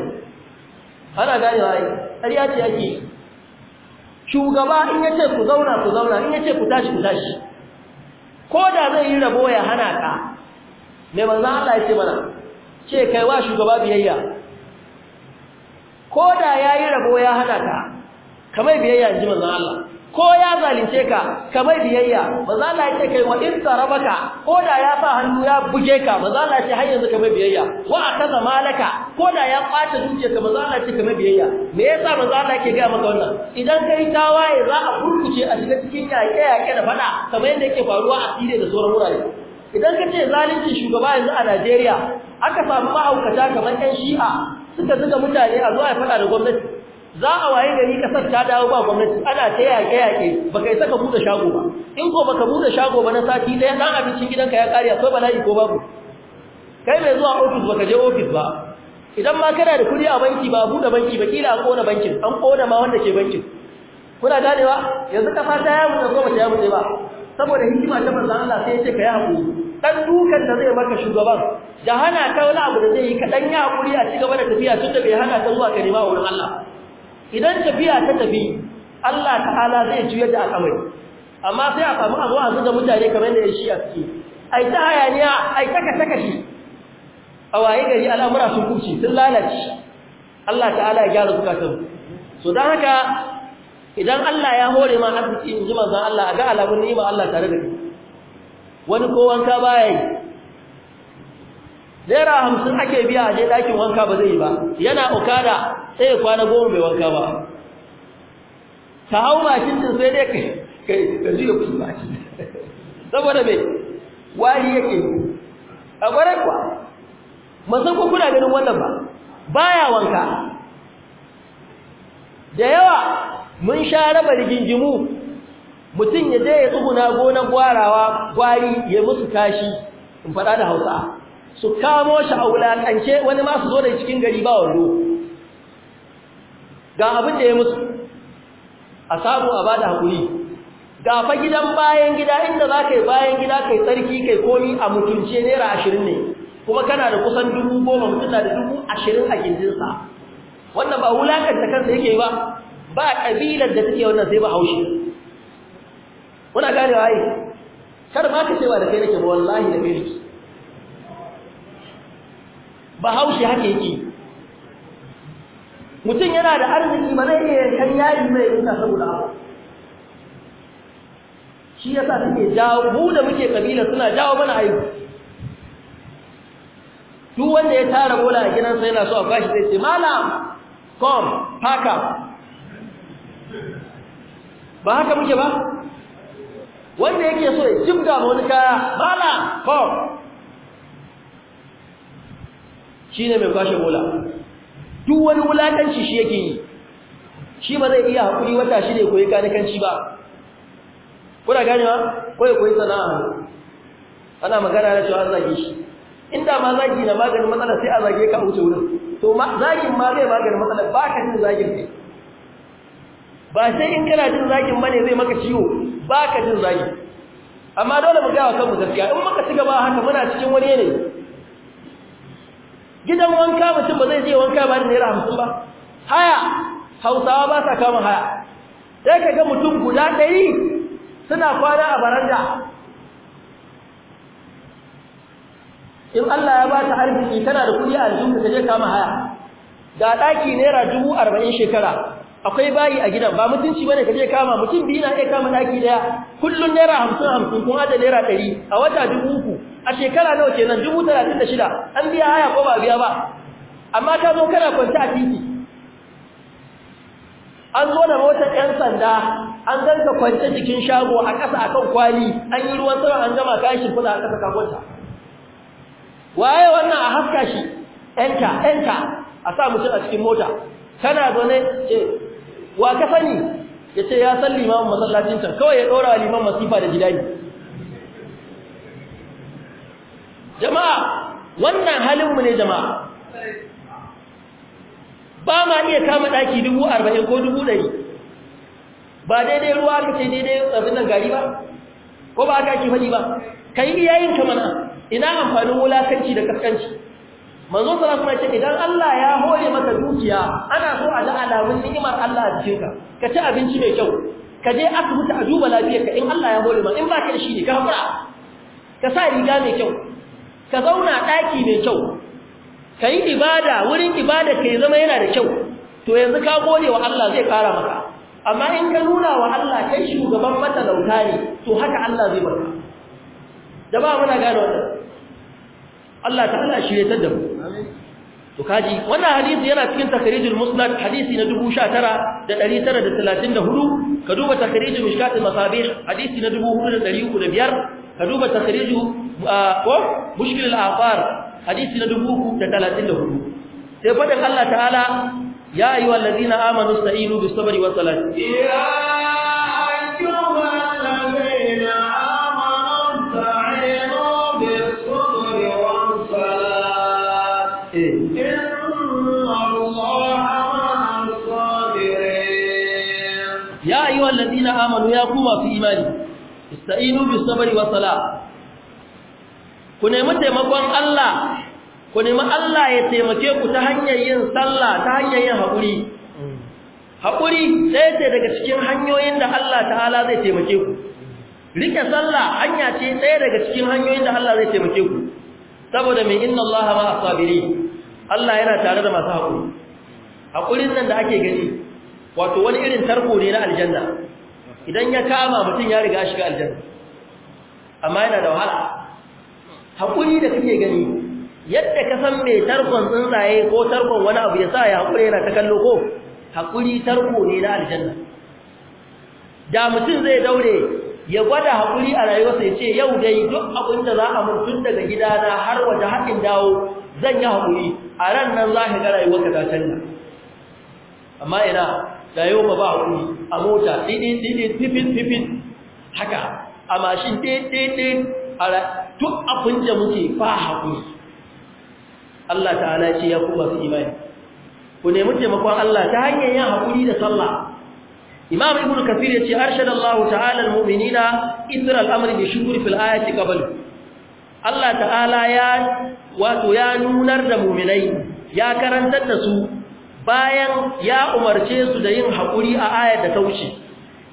ana wa ai ƙarya ce ake shugaba in yace ku zauna ku zauna in yace ku tashi ku tashi ko da zai yi rabo ya hana ka me ban Allah ya ce mana ce kai wa shugaba biyayya ko da yayi rabo ya hana ka kamar biyayya ji manzo Allah ko ya zalunce ka ka mai biyayya ba za la ce kai wa in tarabaka ko da ya sa hannu ya buge ka ba za la ce har yanzu ka mai biyayya wa akaza malaka ko da ya kwace dukiyar ka ba za la ce ka mai biyayya me yasa ba za la ke ga maka wannan idan kai tawaye za a furkuce a shiga cikin yaƙe yaƙe da fada kamar yadda yake faruwa a Siriya da sauran wurare idan ka ce zalunci shugaba yanzu a Najeriya aka samu ma'aukata kamar 'yan Shi'a suka zuga mutane a zuwa ya fada da gwamnati za a waye gari kasar ta dawo ba gwamnati ana ta yake-yake yaƙe ba isa ka buɗe shago ba in ko baka buɗe shago ba na sati ɗaya ɗan abincin gidanka ya ƙare akwai bala'i ko babu kai mai zuwa ofis baka je ofis ba idan ma kana da kuɗi a banki ba buɗe banki ba kila an ƙona bankin an ƙona ma wanda ke bankin kuna ganewa yanzu kafa ta yamu da ya ba ta yamu ba saboda hikima ta manzon Allah sai ya ce ka yi haƙuri dan dukan da zai maka shugaban da hana ta wani abu da zai yi kadan ya hakuri a cigaba da tafiya tunda bai hana ta zuwa ka nema wurin Allah idan tafiya ta tafi Allah ta'ala zai juyar da al'amari amma sai a samu abu su da mutane kamar da shi a suke ai ta hayaniya ai taka taka shi a waye gari al'amura sun kuce sun lalace Allah ta'ala ya gyara zukatan so dan haka idan Allah ya hore ma arziki in ji manzon Allah a ga alamun ni'ima Allah tare da kai wani ko wanka baya yi naira hamsin ake biya a je ɗakin wanka ba zai yi ba yana okada sai ya kwana goma bai wanka ba ka hau mashin din sai dai kai kai da zuwa kusa mashin saboda me wari yake a ƙwarai kuwa masan ku kuna ganin wannan ba baya wanka da yawa mun sha raba rigingimu mutum ya je ya tsuguna gonar gwarawa gwari ya musu tashi in faɗa da hausa su kamo shi a wulakance wani ma su zo da cikin gari ba wando ga abin da ya musu a samu a bada hakuri ga fa gidan bayan gida inda za ka yi bayan gida kai tsarki kai komi a mutunce naira ashirin ne kuma kana da kusan dubu goma mutum na da dubu ashirin a gindinsa wannan ba wulakanta kansa yake ba ba ƙabilar da take wannan sai ba haushi muna ganewa ai kar ma ka cewa da kai nake ba wallahi da kai nake Ba haushi haka yake mutum yana da arziki ba zai iya kan yayi mai ina saboda haka shi yasa suke jawo mu da muke kabila suna jawo mana aiki duk wanda ya tara bola a gidansa yana so a bashi zai ce malam kom haka ba haka muke ba wanda yake so ya jibga ma wani kaya malam kom ne mai kwashe bola duk wani wulatanci shi yake yi shi ba zai iya haƙuri wata shi ne koyi kanikanci ba kuna ganewa koyi koyi sana'a ana magana na cewa zage shi inda ma zagi na maganin matsala sai a zage ka wuce wurin to zagin ma zai maganin matsala ba ka jin zagin kai ba sai in kana jin zagin ne zai maka ciwo ba ka jin zagin amma dole mu gawa kanmu gaskiya in muka ci gaba haka muna cikin wani yanayi gidan wanka mutum ba zai je wanka ba da naira hamsin ba haya hausawa ba sa kama haya sai ka ga mutum guda ɗari suna kwana a baranda in Allah ya ba ta arziki tana da kuɗi a yanzu ka je kama haya ga ɗaki naira dubu arba'in shekara akwai bayi a gidan ba mutunci bane ka je kama mutum biyu na iya kama ɗaki ɗaya kullum naira hamsin hamsin kun hada naira ɗari a wata dubu uku a shekara nawa kenan dubu talatin da shida an biya haya ko ba biya ba amma ta zo kana kwance a titi an zo da motar yan sanda an ganka kwance cikin shago a ƙasa akan kwali an yi ruwan sama an gama kashi kuma a ƙasa kwanta waye wannan a haska shi enta-enta, a sa mutum a cikin mota kana zaune ce wa ka sani ya ce ya san limamin masallacin can kawai ya ɗora liman masifa da gidani jama'a wannan halinmu ne jama'a ba ma iya kama ɗaki dubu arba'in ko dubu ɗari ba daidai ruwa kace daidai abin nan gari ba ko ba aka ake faɗi ba ka yi iyayen ka mana ina amfanin wulakanci da kaskanci manzo sallallahu alaihi wasallam idan Allah ya hore maka dukiya ana so a ga alamun ni'imar Allah a jikinka ka ci abinci mai kyau ka je asibiti a duba lafiyarka in Allah ya hore ma in ba ka da shi ne ka hakura ka sa riga mai kyau ka zauna ɗaki mai kyau ka yi ibada wurin ibada ka yi zama yana da kyau to yanzu ka gode wa Allah zai ƙara maka amma in ka nuna wa Allah kai shugaban matalauta ne to haka Allah zai maka jama'a muna gane wannan Allah ta'ala shi ta tada mu to kaji wannan hadisi yana cikin takrijul musnad hadisi na 19934 ka duba takrijul mishkat al-masabih hadisi na 4305 ka duba takrijul ko afar hadisi na 334 sai fadin Allah ta'ala ya ayyuhallazina amanu sta'inu bis sabri was salati ya ayyuhallazina amanu sta'inu bis sabri was salati
innallaha ma'as
sabirin amanu ya kuma fi imani sta'inu bis sabri was ku nemi taimakon Allah ku nemi Allah ya taimake ku ta hanyar yin sallah ta hanyar yin haƙuri haƙuri ɗaya ce daga cikin hanyoyin da Allah ta'ala zai taimake ku rike sallah hanya ce ɗaya daga cikin hanyoyin da Allah zai taimake ku saboda mai inna Allah ma asabiri Allah yana tare da masu haƙuri haƙurin nan da ake gani wato wani irin tarko ne na aljanna idan ya kama mutum ya riga shiga aljanna amma yana da wahala haƙuri da kake gani yadda ka san mai tarkon tsuntsaye ko tarkon wani abu ya sa ya haƙuri yana ta kallo ko haƙuri tarko ne na aljanna da mutum zai daure ya gwada haƙuri a rayuwarsa ya ce yau dai duk abin da za a mutum daga gidana har wata haɗin dawo zan yi haƙuri a ran nan za ka ga rayuwarka ta canza amma ina da yau ba haƙuri a mota ɗiɗin ɗiɗin tifin tifin haka a mashin ɗiɗin a duk abin da muke ba haƙuri Allah ta'ala ce ya ku masu imani ku nemi taimakon Allah ta hanyar yin haƙuri da sallah imam ibn kafir ya ce arshada Allah ta'ala al-mu'minina idra al-amri bi shukri fil ayati qabl Allah ta'ala ya wato ya nunar da mu'minai ya karantar da su bayan ya umarce su da yin haƙuri a ayar da ta wuce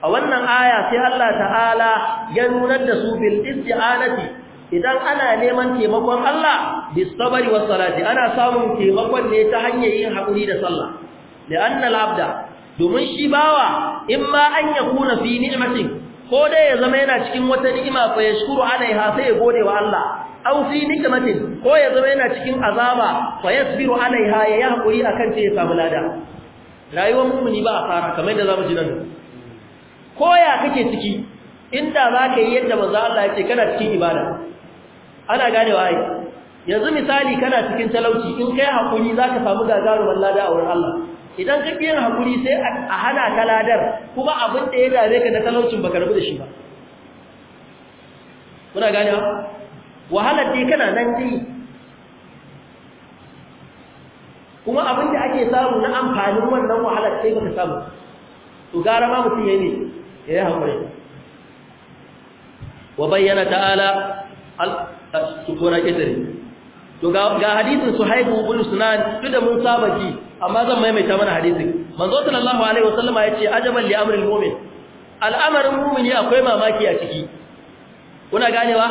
a wannan aya sai Allah ta'ala ya nunar da su bil isti'anati idan ana neman taimakon Allah bisabari was salati ana samun taimakon ne ta hanyar yin hakuri da sallah Da annal abda domin shi bawa in ma an yakuna fi ni'matin ko dai ya zama yana cikin wata ni'ima fa yashkuru alaiha sai ya gode wa Allah aw fi ni'matin ko ya zama yana cikin azaba fa yasbiru alaiha ya hakuri akan ce ya samu lada rayuwar mu'mini ba a fara kamar yadda zamu ji nan ko ya kake ciki inda zaka yi yadda manzo Allah ya ce kana cikin ibada ana wa ai yanzu misali kana cikin talauci in kai hakuri zaka samu gagarumar lada a wurin Allah idan ka yin hakuri sai a hana ka ladar kuma abin da ya dare ka da talaucin baka rabu da shi ba kuna ganewa Wahala dai kana nan dai kuma abin da ake samu na amfanin wannan wahala sai baka samu to gara ma mutum yayi ne yayi hakuri wa bayyana ta'ala su kora ƙetare to ga hadisin su ibn sunan da mun saba ki amma zan maimaita mana hadisin manzo sallallahu alaihi wasallama ya ajaban li amril mu'min al'amarin mu'mini akwai mamaki a ciki kuna ganewa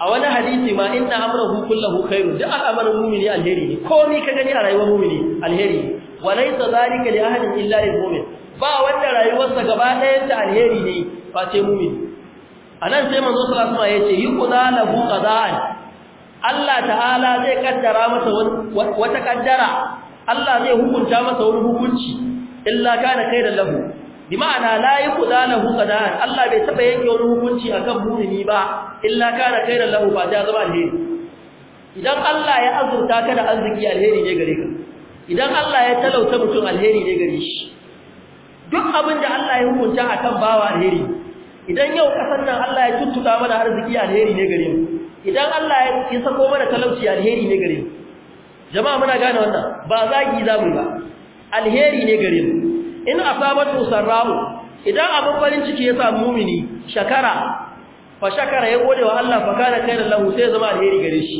a wani hadisi ma inna amrahu kulluhu khairu da al'amarin mu'mini alheri ne komai ka gani a rayuwar mu'mini alheri ne walaysa zalika li ahadin illa al mu'min ba wanda rayuwarsa gaba ɗayan ta alheri ne face mu'min anan sai manzo sallallahu alaihi wasallam yace yuqda lahu qada'an Allah ta'ala zai kaddara masa wata kaddara Allah zai hukunta masa wani hukunci illa kana kai da lahu bi ma'ana la yuqda lahu qada'an Allah bai taba yake wani hukunci akan mumini ba illa kana kai da lahu ba ta zama alheri idan Allah ya azurta ka da arziki alheri ne gare ka idan Allah ya talauta mutum alheri ne gare shi duk abin da Allah ya hukunta akan bawa alheri idan yau kasan nan Allah ya tuttuɗa mana arziki alheri ne gare mu idan Allah ya sako mana talauci alheri ne gare mu jama'a muna gane wannan ba zagi za mu ba alheri ne gare mu in asabatu sarrahu idan abin farin ciki ya samu mumini shakara fa shakara ya gode wa Allah fa kana da lahu sai zama alheri gare shi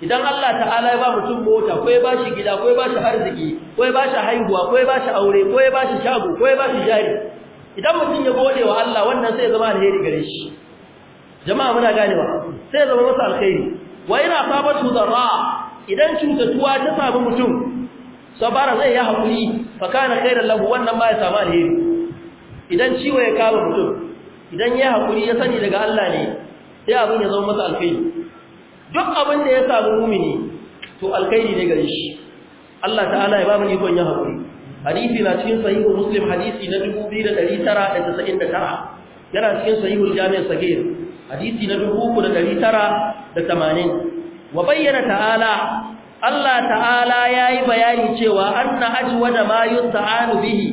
idan Allah ta'ala ya ba mutum mota ko ya ba shi gida ko ya ba shi arziki ko ya ba shi haihuwa ko ya ba shi aure ko ya ba shi shago ko ya ba shi jari idan mutum ya gode wa Allah wannan sai ya zama alheri gare shi jama'a muna ganewa sai ya zama masa alheri wa ina sabatu dharra idan cutatuwa ta samu mutum sabara zai ya hakuri fa kana khairan lahu wannan ba ya samu alheri idan ciwo ya kama mutum idan ya hakuri ya sani daga Allah ne sai abin ya zama masa alheri duk abin da ya samu mumini to alheri ne gare shi Allah ta'ala ya ba mu ikon yin hakuri hadisi na cikin sahihul muslim hadisi na 2999 yana cikin sahihul jami' sagir hadisi na 3980 wa bayyana ta'ala Allah ta'ala yayi bayani cewa anna ajwada ma yusta'anu bihi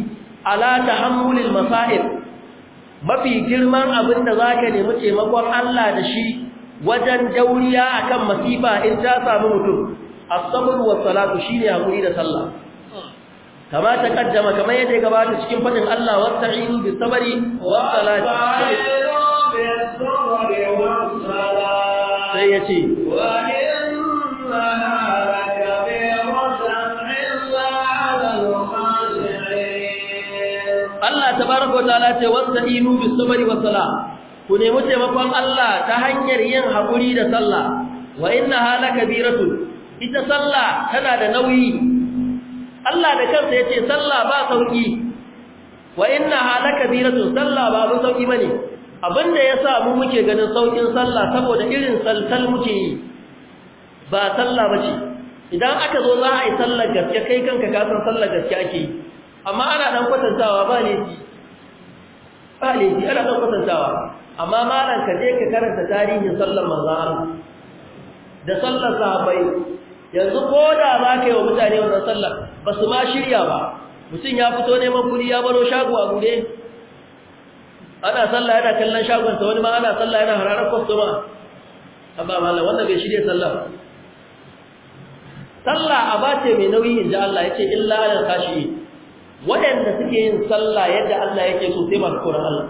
ala tahammulil masa'ib mafi girman abinda da zaka nemi taimakon Allah da shi wajen dauriya akan masifa in ta samu mutum as-sabr was-salatu shine hakuri da sallah كما تقدم yadda ya gabata cikin fadin Allah wasta'inu bis sabri was salati
sai yace wa inna
Allah tabaraka ta'ala ce wasta'inu bis sabri was sala ku nemi taimakon Allah ta hanyar yin hakuri da sallah wa innaha Kabiratu ita sallah tana da nauyi Allah da kansa ya ce sallah ba sauki wa inna halaka biratu sallah ba mun sauki bane abinda yasa mu muke ganin saukin sallah saboda irin salsal muke yi ba sallah bace idan aka zo za a yi sallar gaske kai kanka ka san sallar gaske ake yi amma ana dan kwatantawa ba ne ba ne ana dan kwatantawa amma malan ka je ka karanta tarihin sallar manzo da sallar sahabbai yanzu ko da za ka yi wa mutane wannan sallar ba su ma shirya ba mutum ya fito neman kuɗi ya baro shago a gure ana sallah yana kallon shagonsa wani ma ana sallah yana hararar kwastoma amma malam wannan bai shirya sallah sallah a bace mai nauyi in Allah ya ce illa ala kashi waɗanda suke yin sallah yadda Allah yake so sai masu koran Allah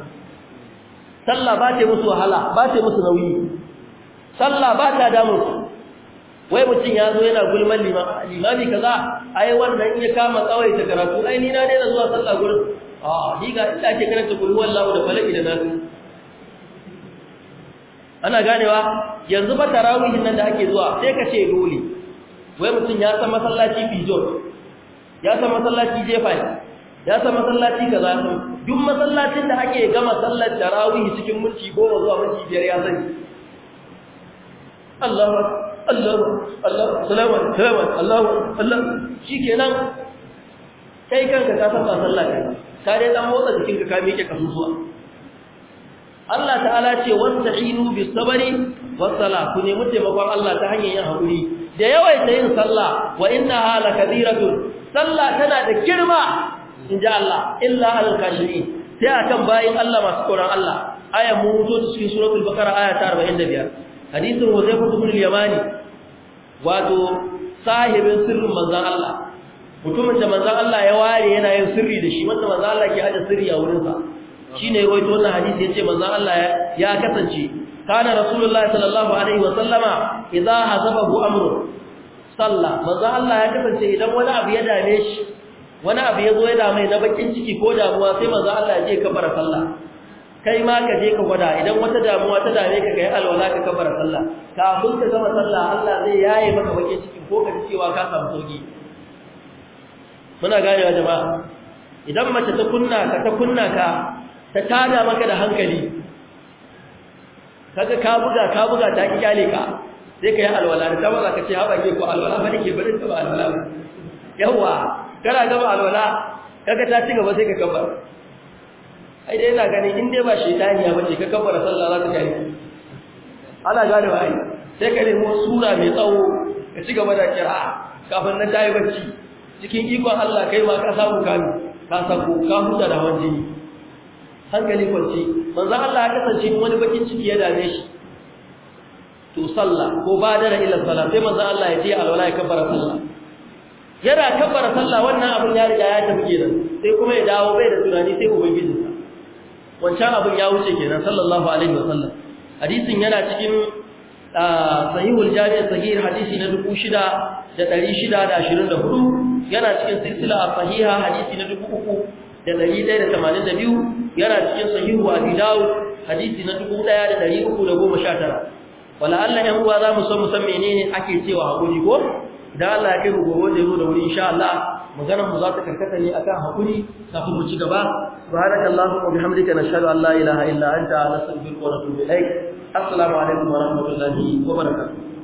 sallah ba ce musu wahala ba ce musu nauyi sallah ba ta damu wai mutum ya zo yana gulman limami kaza yi wannan ya kama tsawai ta karatu ai ne na zuwa sallah gurin a ni ga inda ake karanta kulhu lawo da falaki da nasu ana ganewa yanzu ba tarawihin nan da ake zuwa sai ka ce dole wai mutum ya san masallaci bijon ya san masallaci jefai ya san masallaci su duk masallacin da ake gama sallar tarawih cikin minti goma zuwa minti biyar ya sani Allah Allah Allah salawan salawan Allah Allah shikenan kai kanka ka san ba sallah kai ka dai dan motsa jikinka ka miƙe kasusuwa Allah ta'ala ce wasta'inu bis sabri was sala ku nemi taimakon Allah ta hanyar yin hakuri da yawaita yin sallah wa innaha lakabiratun sallah tana da girma inji Allah illa al kashirin sai akan bayin Allah masu tsoron Allah aya mu mutu cikin suratul baqara aya ta 45 hadisin Huzaifa ibn al-Yamani wato sahibin sirrin manzon Allah mutumin da manzon Allah ya ware yana yin sirri da shi wanda manzon Allah ke hada sirri a wurin sa shine ya wato wannan hadisi yace manzon Allah ya kasance kana rasulullahi sallallahu alaihi wa sallama idza hasabahu amru sallah manzon Allah ya kasance idan wani abu ya dame shi wani abu ya zo ya dame na bakin ciki ko damuwa sai manzon Allah ya je kafara sallah kai ma ka je ka gwada idan wata damuwa ta dame ka kai alwala ka kafara sallah kafin ka gama sallah Allah zai yaye maka bakin cikin ko ka cewa ka samu sauki muna wa jama'a idan mace ta kunna ka ta kunna ka ta tada maka da hankali kaga ka buga ka buga ta ki kyale ka sai ka yi alwala da ta maza ka ce haɓa ke ko alwala ba bari ta ba alwala yawa kana gaba alwala kaga ta ci gaba sai ka kabar ai dai ina gani in dai ba shaitaniya bace ka kabbara sallah za ta kai ana gane ba ai sai ka nemo sura mai tsawo ka ci gaba da kira kafin na tayi bacci cikin ikon Allah kai ma ka samu ka ka samu ka huta da hawan jini hankali kwanci manzo Allah ya kasance wani bakin ciki ya dame shi to sallah ko ba badara ila sallah sai manzo Allah ya ce alwala ya kabbara sallah yana kabbara sallah wannan abin ya riga ya tafi kenan sai kuma ya dawo bai da tunani sai ubangiji wancan abin ya wuce kenan sallallahu alaihi wasallam hadisin yana cikin sahihul jami' sahih hadisi na 6624 yana cikin silsila sahiha hadisi na 3182 yana cikin sahihu abi dawud hadisi na 1319 wala Allah ya huwa za mu so mu san menene ake cewa hakuri ko dan Allah ya kai gobe da wuri insha Allah maganar mu za ta karkata ne akan hakuri kafin mu ci gaba subhanakallahu wa bihamdika nashhadu an la ilaha illa anta nastaghfiruka wa natubu ilaik assalamu alaikum wa rahmatullahi wa barakatuh